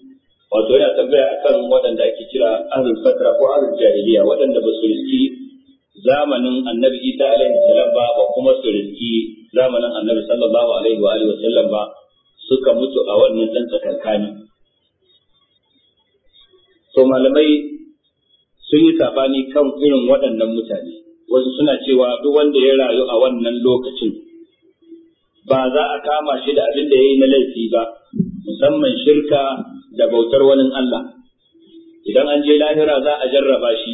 wato yana tambaya akan waɗanda ake kira ahlul fatra ko ahlul jahiliya waɗanda ba su riski zamanin annabi isa alaihi salam ba ba kuma su riski zamanin annabi sallallahu alaihi wa alihi wasallam ba suka mutu a wannan dan tsakankani to malamai sun yi sabani kan irin waɗannan mutane wasu suna cewa duk wanda ya rayu a wannan lokacin ba za a kama shi da abin da ya yi na laifi ba musamman shirka da bautar wani Allah idan an je lahira za a jarraba shi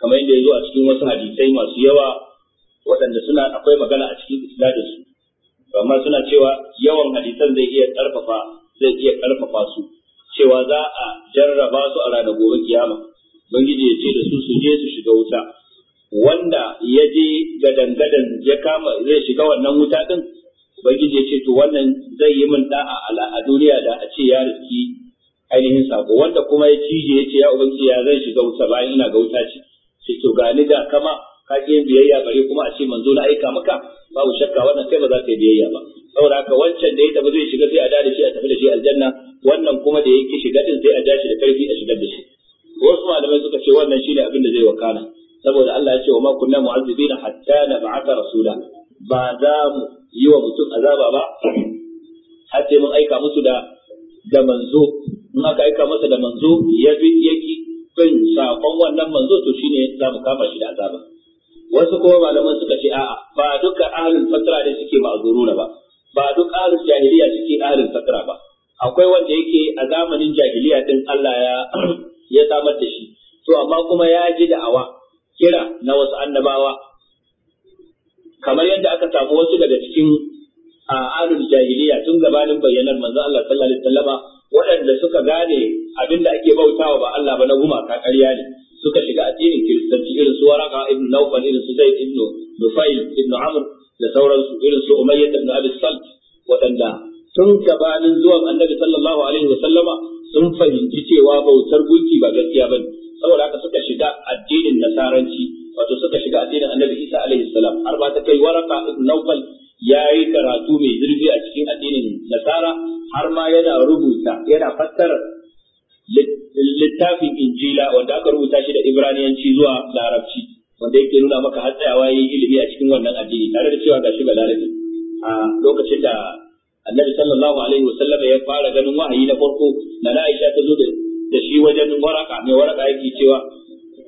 kamar yadda ya zo a cikin wasu hadisai masu yawa waɗanda suna akwai magana a cikin su amma suna cewa yawan hadisan zai iya ƙarfafa zai iya ƙarfafa su cewa za a jarraba su a ranar gobe kiyama ubangiji ya ce da su su je su shiga wuta wanda ya je gadangadan ya kama zai shiga wannan wuta din ubangiji ya ce to wannan zai yi min da'a a duniya da a ce ya riski ainihin sako wanda kuma ya cije ya ce ya ubangiji ya zan shiga wuta bayan ina ga wuta ce sai to gani da kama ka ki biyayya bare kuma a ce manzo na aika maka babu shakka wannan kai ba za ka yi biyayya ba saboda haka wancan da ya tafi zai shiga sai a dade shi a tafi da shi aljanna wannan kuma da yake shiga din sai a ja shi da karfi a shigar da shi wasu malamai suka ce wannan shine abin da zai wakana saboda Allah ya ce wa ma kunna mu'azzibina hatta nab'atha rasula ba za mu yi wa mutum azaba ba har sai mun aika musu da da manzo in aka aika masa da manzo ya bi yaki bin sakon wannan manzo to shine za mu kama shi da azaba wasu kuma malaman suka ce a'a ba duka ahlul fatra ne suke ma'zuruna ba ba duk ahlul jahiliya suke ahlul fatra ba akwai wanda yake a zamanin jahiliya din Allah ya ya samar da shi to amma kuma ya ji da'awa kira na wasu annabawa kamar yadda aka samu wasu daga cikin a ahlul jahiliya tun gabanin bayyanar manzo Allah sallallahu alaihi wasallama waɗanda suka gane abin da ake bautawa ba Allah ba na gumaka ƙarya ne suka shiga addinin kiristanci irin su waraka ibn nawfal irin su zaid ibn nufayl ibn amr da sauransu irin su umayyah ibn abi salt waɗanda tun gabanin zuwan annabi sallallahu alaihi wa sallama sun fahimci cewa bautar gunki ba gaskiya bane saboda haka suka shiga addinin nasaranci wato suka shiga addinin annabi isa alaihi salam har ba ta kai waraka ibn nawfal ya yi karatu mai zurfi a cikin addinin nasara har ma yana rubuta yana fassar littafin injila wanda aka rubuta shi da ibraniyanci zuwa larabci wanda yake nuna maka har tsayawa yi ilimi a cikin wannan addini tare da cewa gashi ba larabci a lokacin da annabi sallallahu alaihi wasallam ya fara ganin wahayi na farko na Aisha ta zo da shi wajen waraka mai waraka yake cewa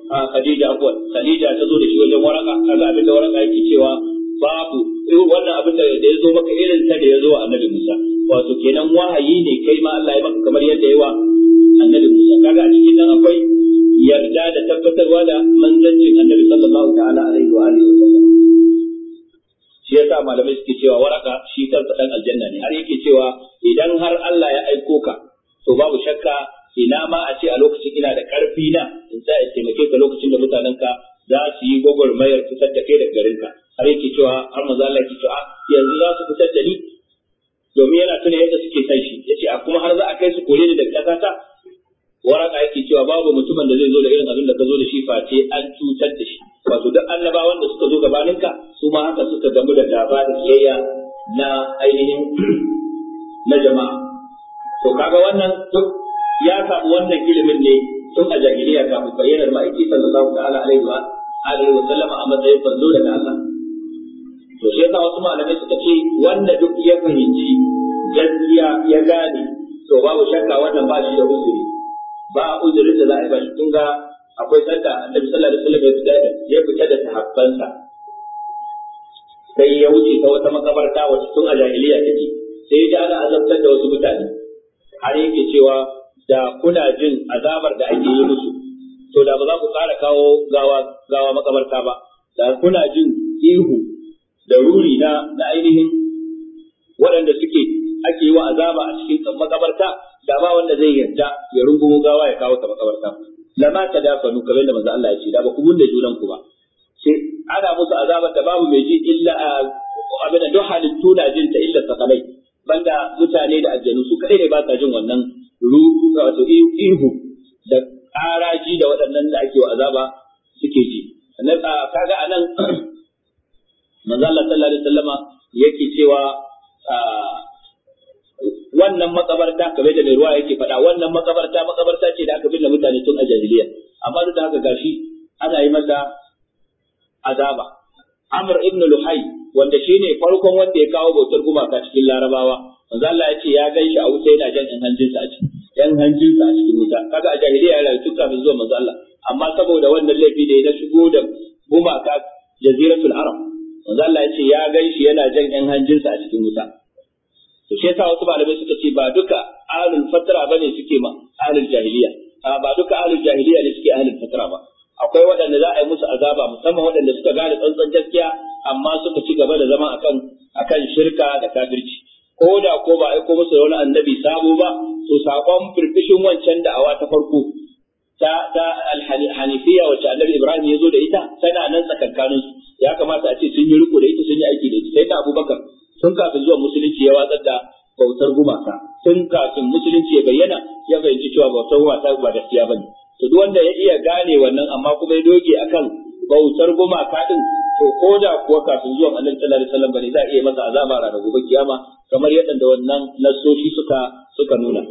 a ah, Khadija akwai Khadija ta zo da shi wajen waraka kaza abin da waraka yake cewa babu wannan abin da ya zo maka irin ta da ya zo wa annabi Musa wato kenan wahayi ne kai ma Allah ya maka kamar yadda yawa annabi Musa kaga a cikin nan akwai yarda da tabbatarwa da manzancin annabi sallallahu ta'ala alaihi wa alihi wasallam shi sa malamai suke cewa waraka shi kansa dan aljanna ne har yake cewa idan har Allah ya aiko ka to babu shakka ina ma a ce a lokacin ina da karfi na in sa ya taimake ka lokacin da mutanen ka za su yi gwagwarmayar fitar da kai daga garinka har yake cewa har maza Allah ke cewa ah, yanzu za su fitar da ni domin yana tuna yadda suke san shi yace a ah, kuma har za a kai su kore ni daga ƙasa ta waraka yake cewa babu mutumin da zai zo da irin abin da ka zo da shi face an cutar da shi wato duk annaba wanda suka zo gabaninka su ma haka suka gamu da dafa da kiyayya na ainihin na jama'a to kaga wannan duk ya samu wannan ilimin ne tun a jahiliya kafin bayyanar za ku ta'ala alaihi wa alihi wa sallama a matsayin fanzo daga Allah to sai ga wasu malamai suka ce wanda duk ya fahimci gaskiya ya gane to babu shakka wannan ba shi da uzuri ba uzurin da za a yi ba shi tun ga akwai sanda da sallallahu da wasallam ya fita da ya fita da sahabbansa sai ya wuce ta wata makabarta wacce tun a jahiliya take sai ya ji ana azabtar da wasu mutane har yake cewa da kuna jin azabar da ake yi musu to da ba za ku ƙara kawo gawa gawa makabarta ba da kuna jin ihu daruri na na ainihin waɗanda suke ake yi wa azaba a cikin makabarta da ba wanda zai yarda ya rungumo gawa ya kawo ta makabarta ma ta dafa nu kamar da manzo Allah ya ce da ba ku bunne junan ku ba sai ana musu azabar da babu mai ji illa abin da halittu tuna jinta illa sakalai banda mutane da aljanu su kai ne ba sa jin wannan ruhu wato ihu da ƙaraji da waɗannan da ake wa azaba suke ji kaga anan manzo Allah sallallahu alaihi wasallama yake cewa ah, wannan makabarta kamar da ruwa yake faɗa wannan makabarta makabarta ce da aka binne mutane tun a jahiliya amma duk da haka gashi ana yi masa azaba Amr ibn Luhai wanda shine farkon wanda ya kawo bautar gumaka cikin Larabawa manzo Allah ya ce ya gaishe a wuta yana jan in hanjinsa a ciki yan sa a cikin wuta kaga a jahiliya ya rayu tun bin zuwa manzo Allah amma saboda wannan laifi da ya shigo da gumaka jaziratul arab manzo Allah ya ce ya shi yana jan ƴan hanjinsa a cikin wuta to shi yasa wasu malamai suka ce ba duka ahlul fatra bane suke ma ahlul jahiliya ba duka ahlul jahiliya ne suke ahlul fatra ba akwai waɗanda za a yi musu azaba musamman waɗanda suka gane tsantsan gaskiya amma suka ci gaba da zama akan akan shirka da kafirci ko da ko ba aiko musu da wani annabi sabo ba to sakon firfishin wancan awa ta farko ta ta alhanifiya wacce annabi Ibrahim ya zo da ita tana nan tsakankanin ya kamata a ce sun yi riko da ita sun yi aiki da ita sai ta abubakar sun kafin zuwa musulunci ya watsar da bautar gumaka sun kafin musulunci ya bayyana ya fahimci cewa bautar gumaka ba gaskiya bane to duk wanda ya iya gane wannan amma kuma ya doge akan bautar gumaka din to ko da kuwa kafin zuwan annabi sallallahu alaihi wasallam bane za a iya masa azaba ranar gobe kiyama kamar yadda da wannan nasoshi suka suka nuna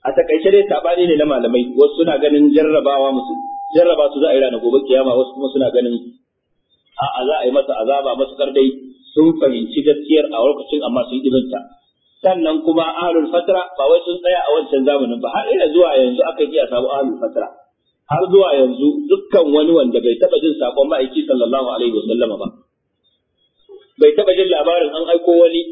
a takaice dai sabani ne na malamai wasu suna ganin jarrabawa musu jarraba su za a yi ranar gobe kiyama wasu kuma suna ganin a'a za a yi masa azaba matukar dai sun fahimci gaskiyar a lokacin amma sun ibinta sannan kuma ahlul fatra ba wai sun tsaya a wancan zamanin ba har ila zuwa yanzu aka yi a samu ahlul fatra har zuwa yanzu dukkan wani wanda bai taba jin sakon ma'aiki sallallahu alaihi wasallama ba bai taba jin labarin an aiko wani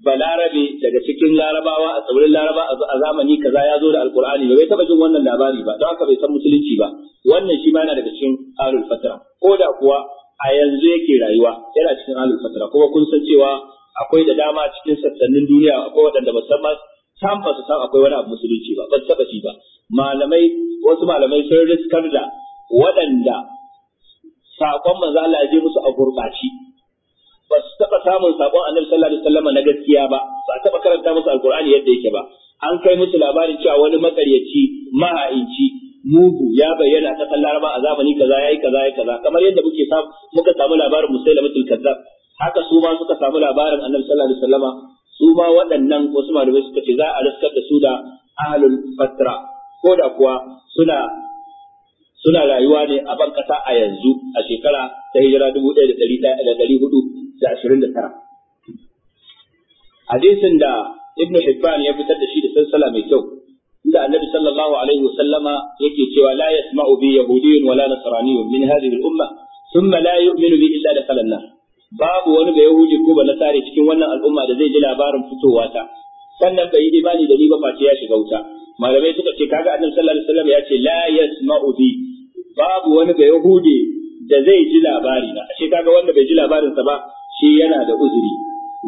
balarabe daga cikin larabawa a tsibirin laraba a zamani kaza ya zo da alkur'ani bai taba jin wannan labari ba don haka bai san musulunci ba wannan shi ma yana daga cikin ahlul fatra ko da kuwa a yanzu yake rayuwa yana cikin halin fatara kuma kun san cewa akwai da dama cikin sassanin duniya akwai waɗanda musamman san ba su san akwai wani abu musulunci ba ba su taɓa shi ba malamai wasu malamai sun riskar da waɗanda saƙon manzo Allah ya je musu a gurɓaci ba su taɓa samun saƙon annabi sallallahu alaihi wasallam na gaskiya ba ba taɓa karanta musu alƙur'ani yadda yake ba an kai musu labarin cewa wani makaryaci maha'inci mugu ya bayyana ta kan laraba a zamani kaza yayi kaza yayi kaza kamar yadda muke samu muka samu labarin musailamatul kazzab haka su ma suka samu labarin annabi sallallahu alaihi wasallama su ma waɗannan wasu malamai suka ce za a riskar da su da ahlul fatra ko da kuwa suna suna rayuwa ne a ban kasa a yanzu a shekara ta hijira dubu ɗaya da ɗari ɗaya da ɗari hudu da ashirin da tara. Hadisin da Ibn Hibban ya fitar da shi da sansala mai kyau da annabi sallallahu alaihi wasallama yake cewa la yasma'u bi yahudiyyun wala nasraniyyun min hadhihi al-umma thumma la yu'minu bi illa da nar babu wani da yahudi ko ba nasari cikin wannan al'umma da zai ji labarin fitowa ta sannan bai yi imani da ni ba face ya shiga wuta malamai suka ce kaga annabi sallallahu alaihi wasallam ya ce la yasma'u bi babu wani da yahudi da zai ji labarin na ashe kaga wanda bai ji labarin sa ba shi yana da uzuri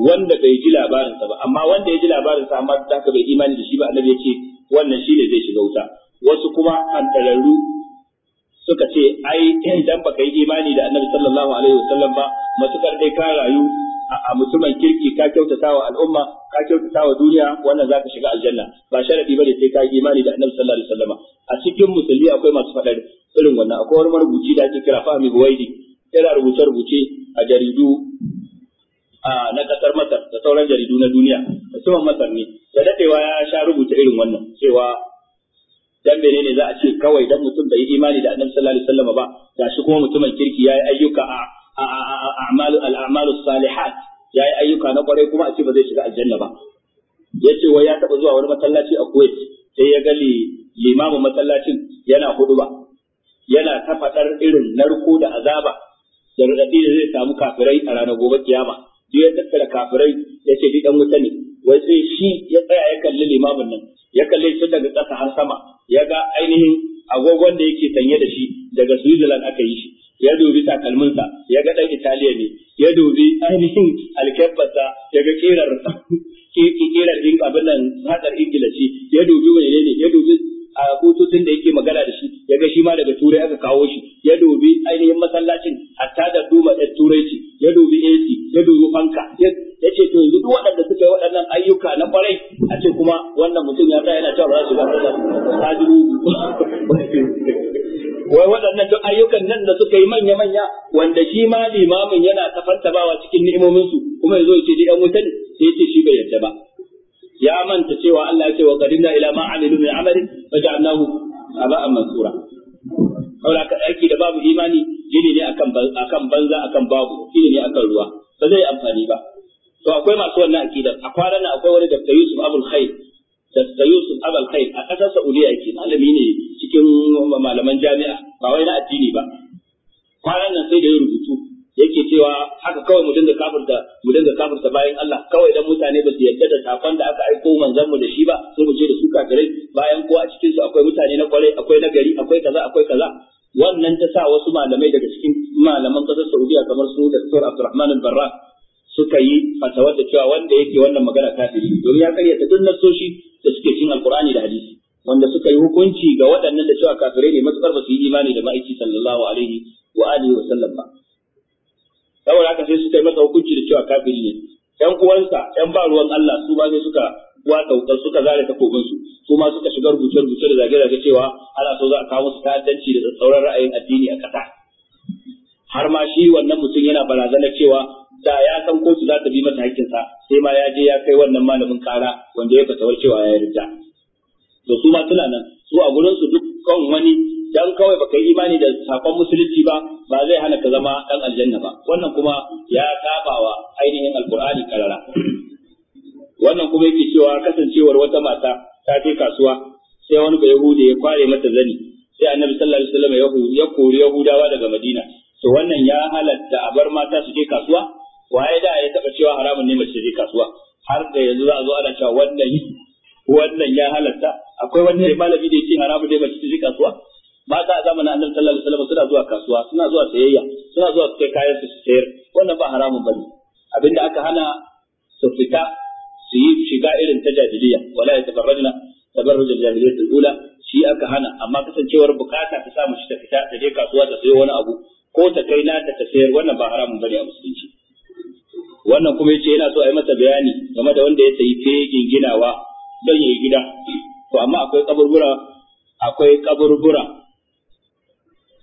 wanda bai ji labarin sa ba amma wanda ya ji labarin sa amma da bai imani da shi ba annabi ya ce wannan shi ne zai shiga wuta wasu kuma hantararru suka ce ai idan baka yi imani da annabi sallallahu alaihi wasallam ba matukar dai ka rayu a mutumin kirki ka kyautata wa al'umma ka kyautata wa duniya wannan zaka shiga aljanna ba sharadi bane sai ka yi imani da annabi sallallahu alaihi wasallam a cikin musulmi akwai masu faɗar irin wannan akwai wani marubuci da ake kira Fahmi Buwaidi yana rubuce rubuce a jaridu na kasar Masar da sauran jaridu na duniya musamman Masar ne da dadewa ya sha rubuta irin wannan cewa dan ne za a ce kawai dan mutum bai imani da Annabi sallallahu alaihi wasallam ba shi kuma mutumin kirki yayi ayyuka a a'malu al-a'malu salihat yayi ayyuka na kwarai kuma a ce ba zai shiga aljanna ba yace wai ya taba zuwa wani masallaci a Kuwait sai ya ga limamin masallacin yana huduba yana ta faɗar irin narko da azaba da radadi da zai samu kafirai a ranar gobe kiyama duk ya tattara kafirai ya ce dan wuta ne wai sai shi ya tsaya ya kalli limamin nan ya kalli shi daga ƙasa har sama ya ga ainihin agogon da yake sanye da shi daga Switzerland aka yi shi ya dubi takalminsa ya ga dan Italiya ne ya dubi ainihin alkebbarsa ya ga kirar kirar din abin nan hadar Ingila ya dubi wani ne shi ma limamin yana tafantabawa cikin ni'imominsu kuma ya zo ya ce dai ‘yan wutan ta ta je kasuwa ta sayo wani abu ko ta kai nata ta sayar wannan ba haramun bane a musulunci wannan kuma yace yana so a yi masa bayani game da wanda ya sayi fegin ginawa don yayi gida to amma akwai kaburbura akwai kaburbura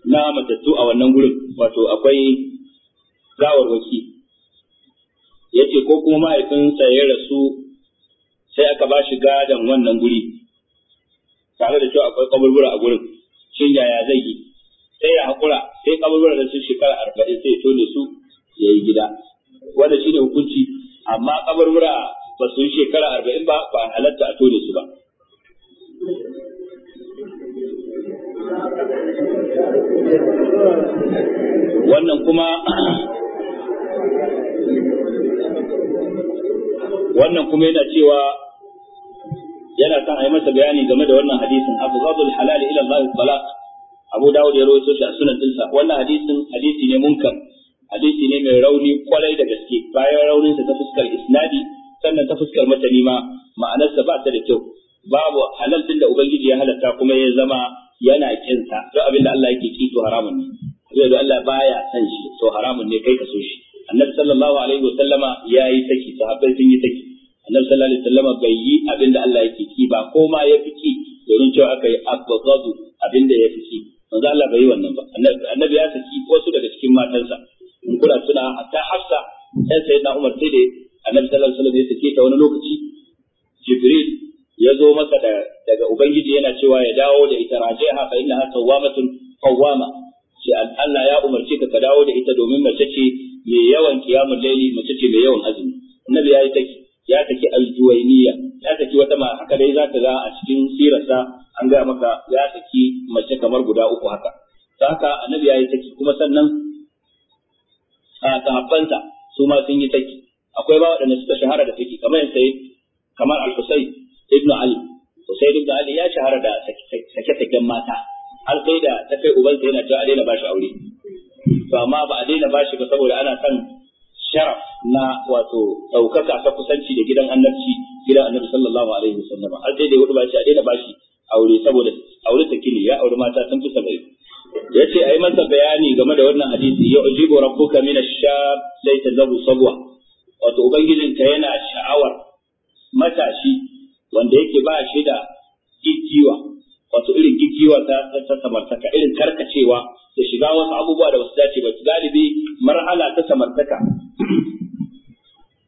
na matattu a wannan gurin wato akwai waki yace ko kuma mahaifinsa ya rasu sai aka ba shi gadon wannan guri tare da cewa akwai kaburbura a gurin shin yaya zai yi sai ya haƙura sai kaburburan da sun shekara arba'in sai ya tone su ya yi gida wanda shi ne hukunci amma kaburbura ba su yi shekara arba'in ba ba halatta a tone su ba. Wannan kuma wannan kuma yana cewa yana son a yi masa bayani game da wannan hadisin abu halal ila Allah salat Abu Dawud ya rawaito shi a sunan dinsa wannan hadisin hadisi ne munkar hadisi ne mai rauni kwarai da gaske bayan rauninsa ta fuskar isnadi sannan ta fuskar matani ma ma'anarsa ba ta da kyau babu halal din da ubangiji ya halatta kuma ya zama yana kinsa To abin da Allah yake ki to haramun ne zai Allah baya san shi to haramun ne kai ka so shi annabi sallallahu alaihi wa sallama yayi saki sahabbai sun yi saki annabi sallallahu alaihi wa sallama bai yi abin da Allah yake ki ba ko ma ya fi ki domin cewa aka yi abghadu abin da ya fi ki manzo Allah bai yi wannan ba annabi ya saki wasu daga cikin matansa in kula suna hatta Hafsa sai na Umar sai da annabi sallallahu alaihi wasallam ya saki, ta wani lokaci Jibril ya zo masa daga Ubangiji yana cewa ya dawo da ita rajiha fa innaha tawwamatun qawwama ce Allah ya umarce ka ka dawo da ita domin mace ce mai yawan kiyamul laili mace ce mai yawan azumi annabi ya yi take ya saki aljuwainiya ya saki wata ma haka dai za ka ga a cikin sirarsa an gaya maka ya saki mace kamar guda uku haka ta haka annabi ya yi saki kuma sannan sahabbansa su ma sun yi saki akwai ba waɗanda suka shahara da saki kamar sai kamar al-Husayn ibn Ali Husayn ibn Ali ya shahara da sake-saken mata har sai da ta kai ubansa yana cewa a daina bashi aure to amma ba a daina bashi ba saboda ana son sharaf na wato ɗaukaka ta kusanci da gidan annabci gidan annabi sallallahu alaihi wasallam har sai da hudu ba shi a daina bashi aure saboda aure ta kili ya aure mata sun fi sabai ya ce a yi masa bayani game da wannan hadisi ya ujibu rabbuka min ash-shab laysa zabu sabwa wato ta yana sha'awar matashi wanda yake ba shi da giggiwa wato irin giggiwa ta samartaka irin karkacewa da shiga wasu abubuwa da wasu dace ba galibi marhala ta samartaka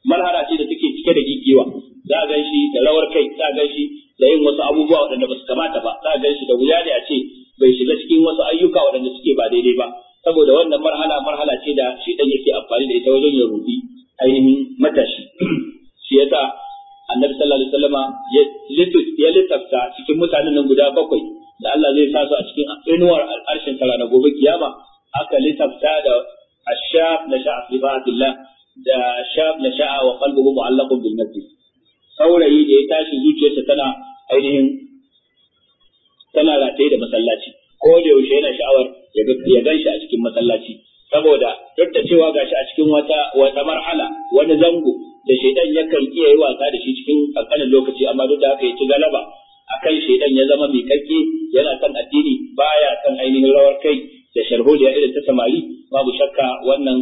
marhala ce da take cike da gigiwa za a gan shi da rawar kai za a gan shi da yin wasu abubuwa waɗanda ba su kamata ba za a gan shi da wuya ne a ce bai shiga cikin wasu ayyuka waɗanda suke ba daidai ba saboda wannan marhala marhala ce da shi ɗan yake amfani da ita wajen ya rubi ainihin matashi shi yasa annabi sallallahu alaihi wasallama ya littafta cikin mutanen nan guda bakwai da Allah zai sa su a cikin inuwar al'arshin tara na gobe kiyama aka litafta da ashab na sha'a fi ba'atillah da ashab na sha'a wa qalbuhu mu'allaqun bil saurayi da ya tashi zuciyarsa tana ainihin tana rataye da masallaci ko da yaushe yana sha'awar ya gan shi a cikin masallaci saboda duk da cewa gashi a cikin wata wata marhala wani zango da shaidan yakan iya yi wasa da shi cikin kankanin lokaci amma duk da haka ya ci galaba akan shedan ya zama mai kake yana kan addini baya kan ainihin rawar kai da ya irin ta samari babu shakka wannan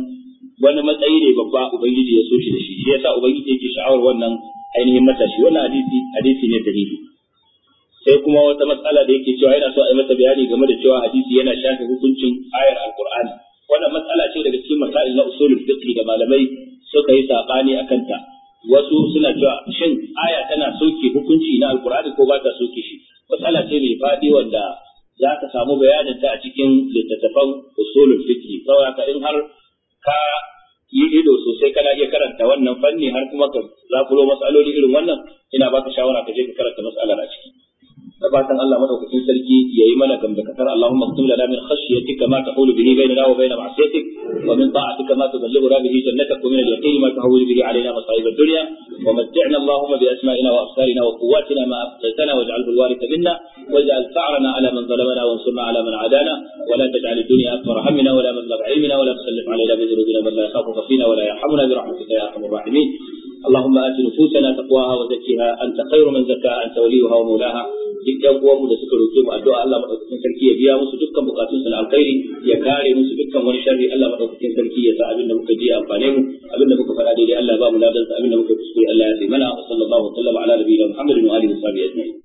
wani matsayi ne babba ubangiji ya so shi da shi shi yasa ubangiji yake sha'awar wannan ainihin matashi wannan hadisi hadisi ne da hidi sai kuma wata matsala da yake cewa yana so a yi masa bayani game da cewa hadisi yana shafe hukuncin ayar alqur'ani wannan matsala ce daga cikin masail na usulul fiqh da malamai suka yi sabani akan ta wasu suna cewa shin aya tana soke hukunci na alkur'ani ko ba ta soke shi matsala ce mai faɗi wanda za ka samu bayanin ta a cikin littattafan usulul fiqh saboda in har ka yi ido sosai kana iya karanta wannan fanni har kuma ka zakulo matsaloli irin wannan ina baka shawara ka je ka karanta matsalar a ciki da fatan Allah madaukakin sarki yayi mana gamdakatar Allahumma qsim lana min khashyatika ma tahulu bihi bainana wa bain ma'siyatik wa min ta'atika ma tuballighuna bihi jannatak wa min al-yaqin ma tahulu bihi alayna masa'ib ad-dunya wa mat'na Allahumma bi asma'ina wa absarina wa quwwatina ma afsaytana waj'alhu al-waritha minna waj'al fa'rana ala man zalamana wa ansurna ala man adana wa la taj'al ad-dunya akbar hammina wa la mablagh ilmina wa la tusallit alayna bi dhunubina man la yakhafuka fina wa la yarhamuna bi rahmatika ya arhamar rahimin اللهم آت نفوسنا تقواها وزكها أنت خير من زكاها أنت وليها ومولاها duk ɗan uwanmu da suka roƙe mu addu'a Allah madaukakin sarki ya biya musu dukkan bukatun na alkhairi ya kare musu dukkan wani sharri Allah madaukakin sarki ya sa abin da muka ji amfane mu abin da muka faɗa daidai Allah ba mu ladan abin da muka kuskure Allah ya sai mana wa sallallahu alaihi wa sallam ala nabiyina Muhammadin wa alihi wa sahbihi ajma'in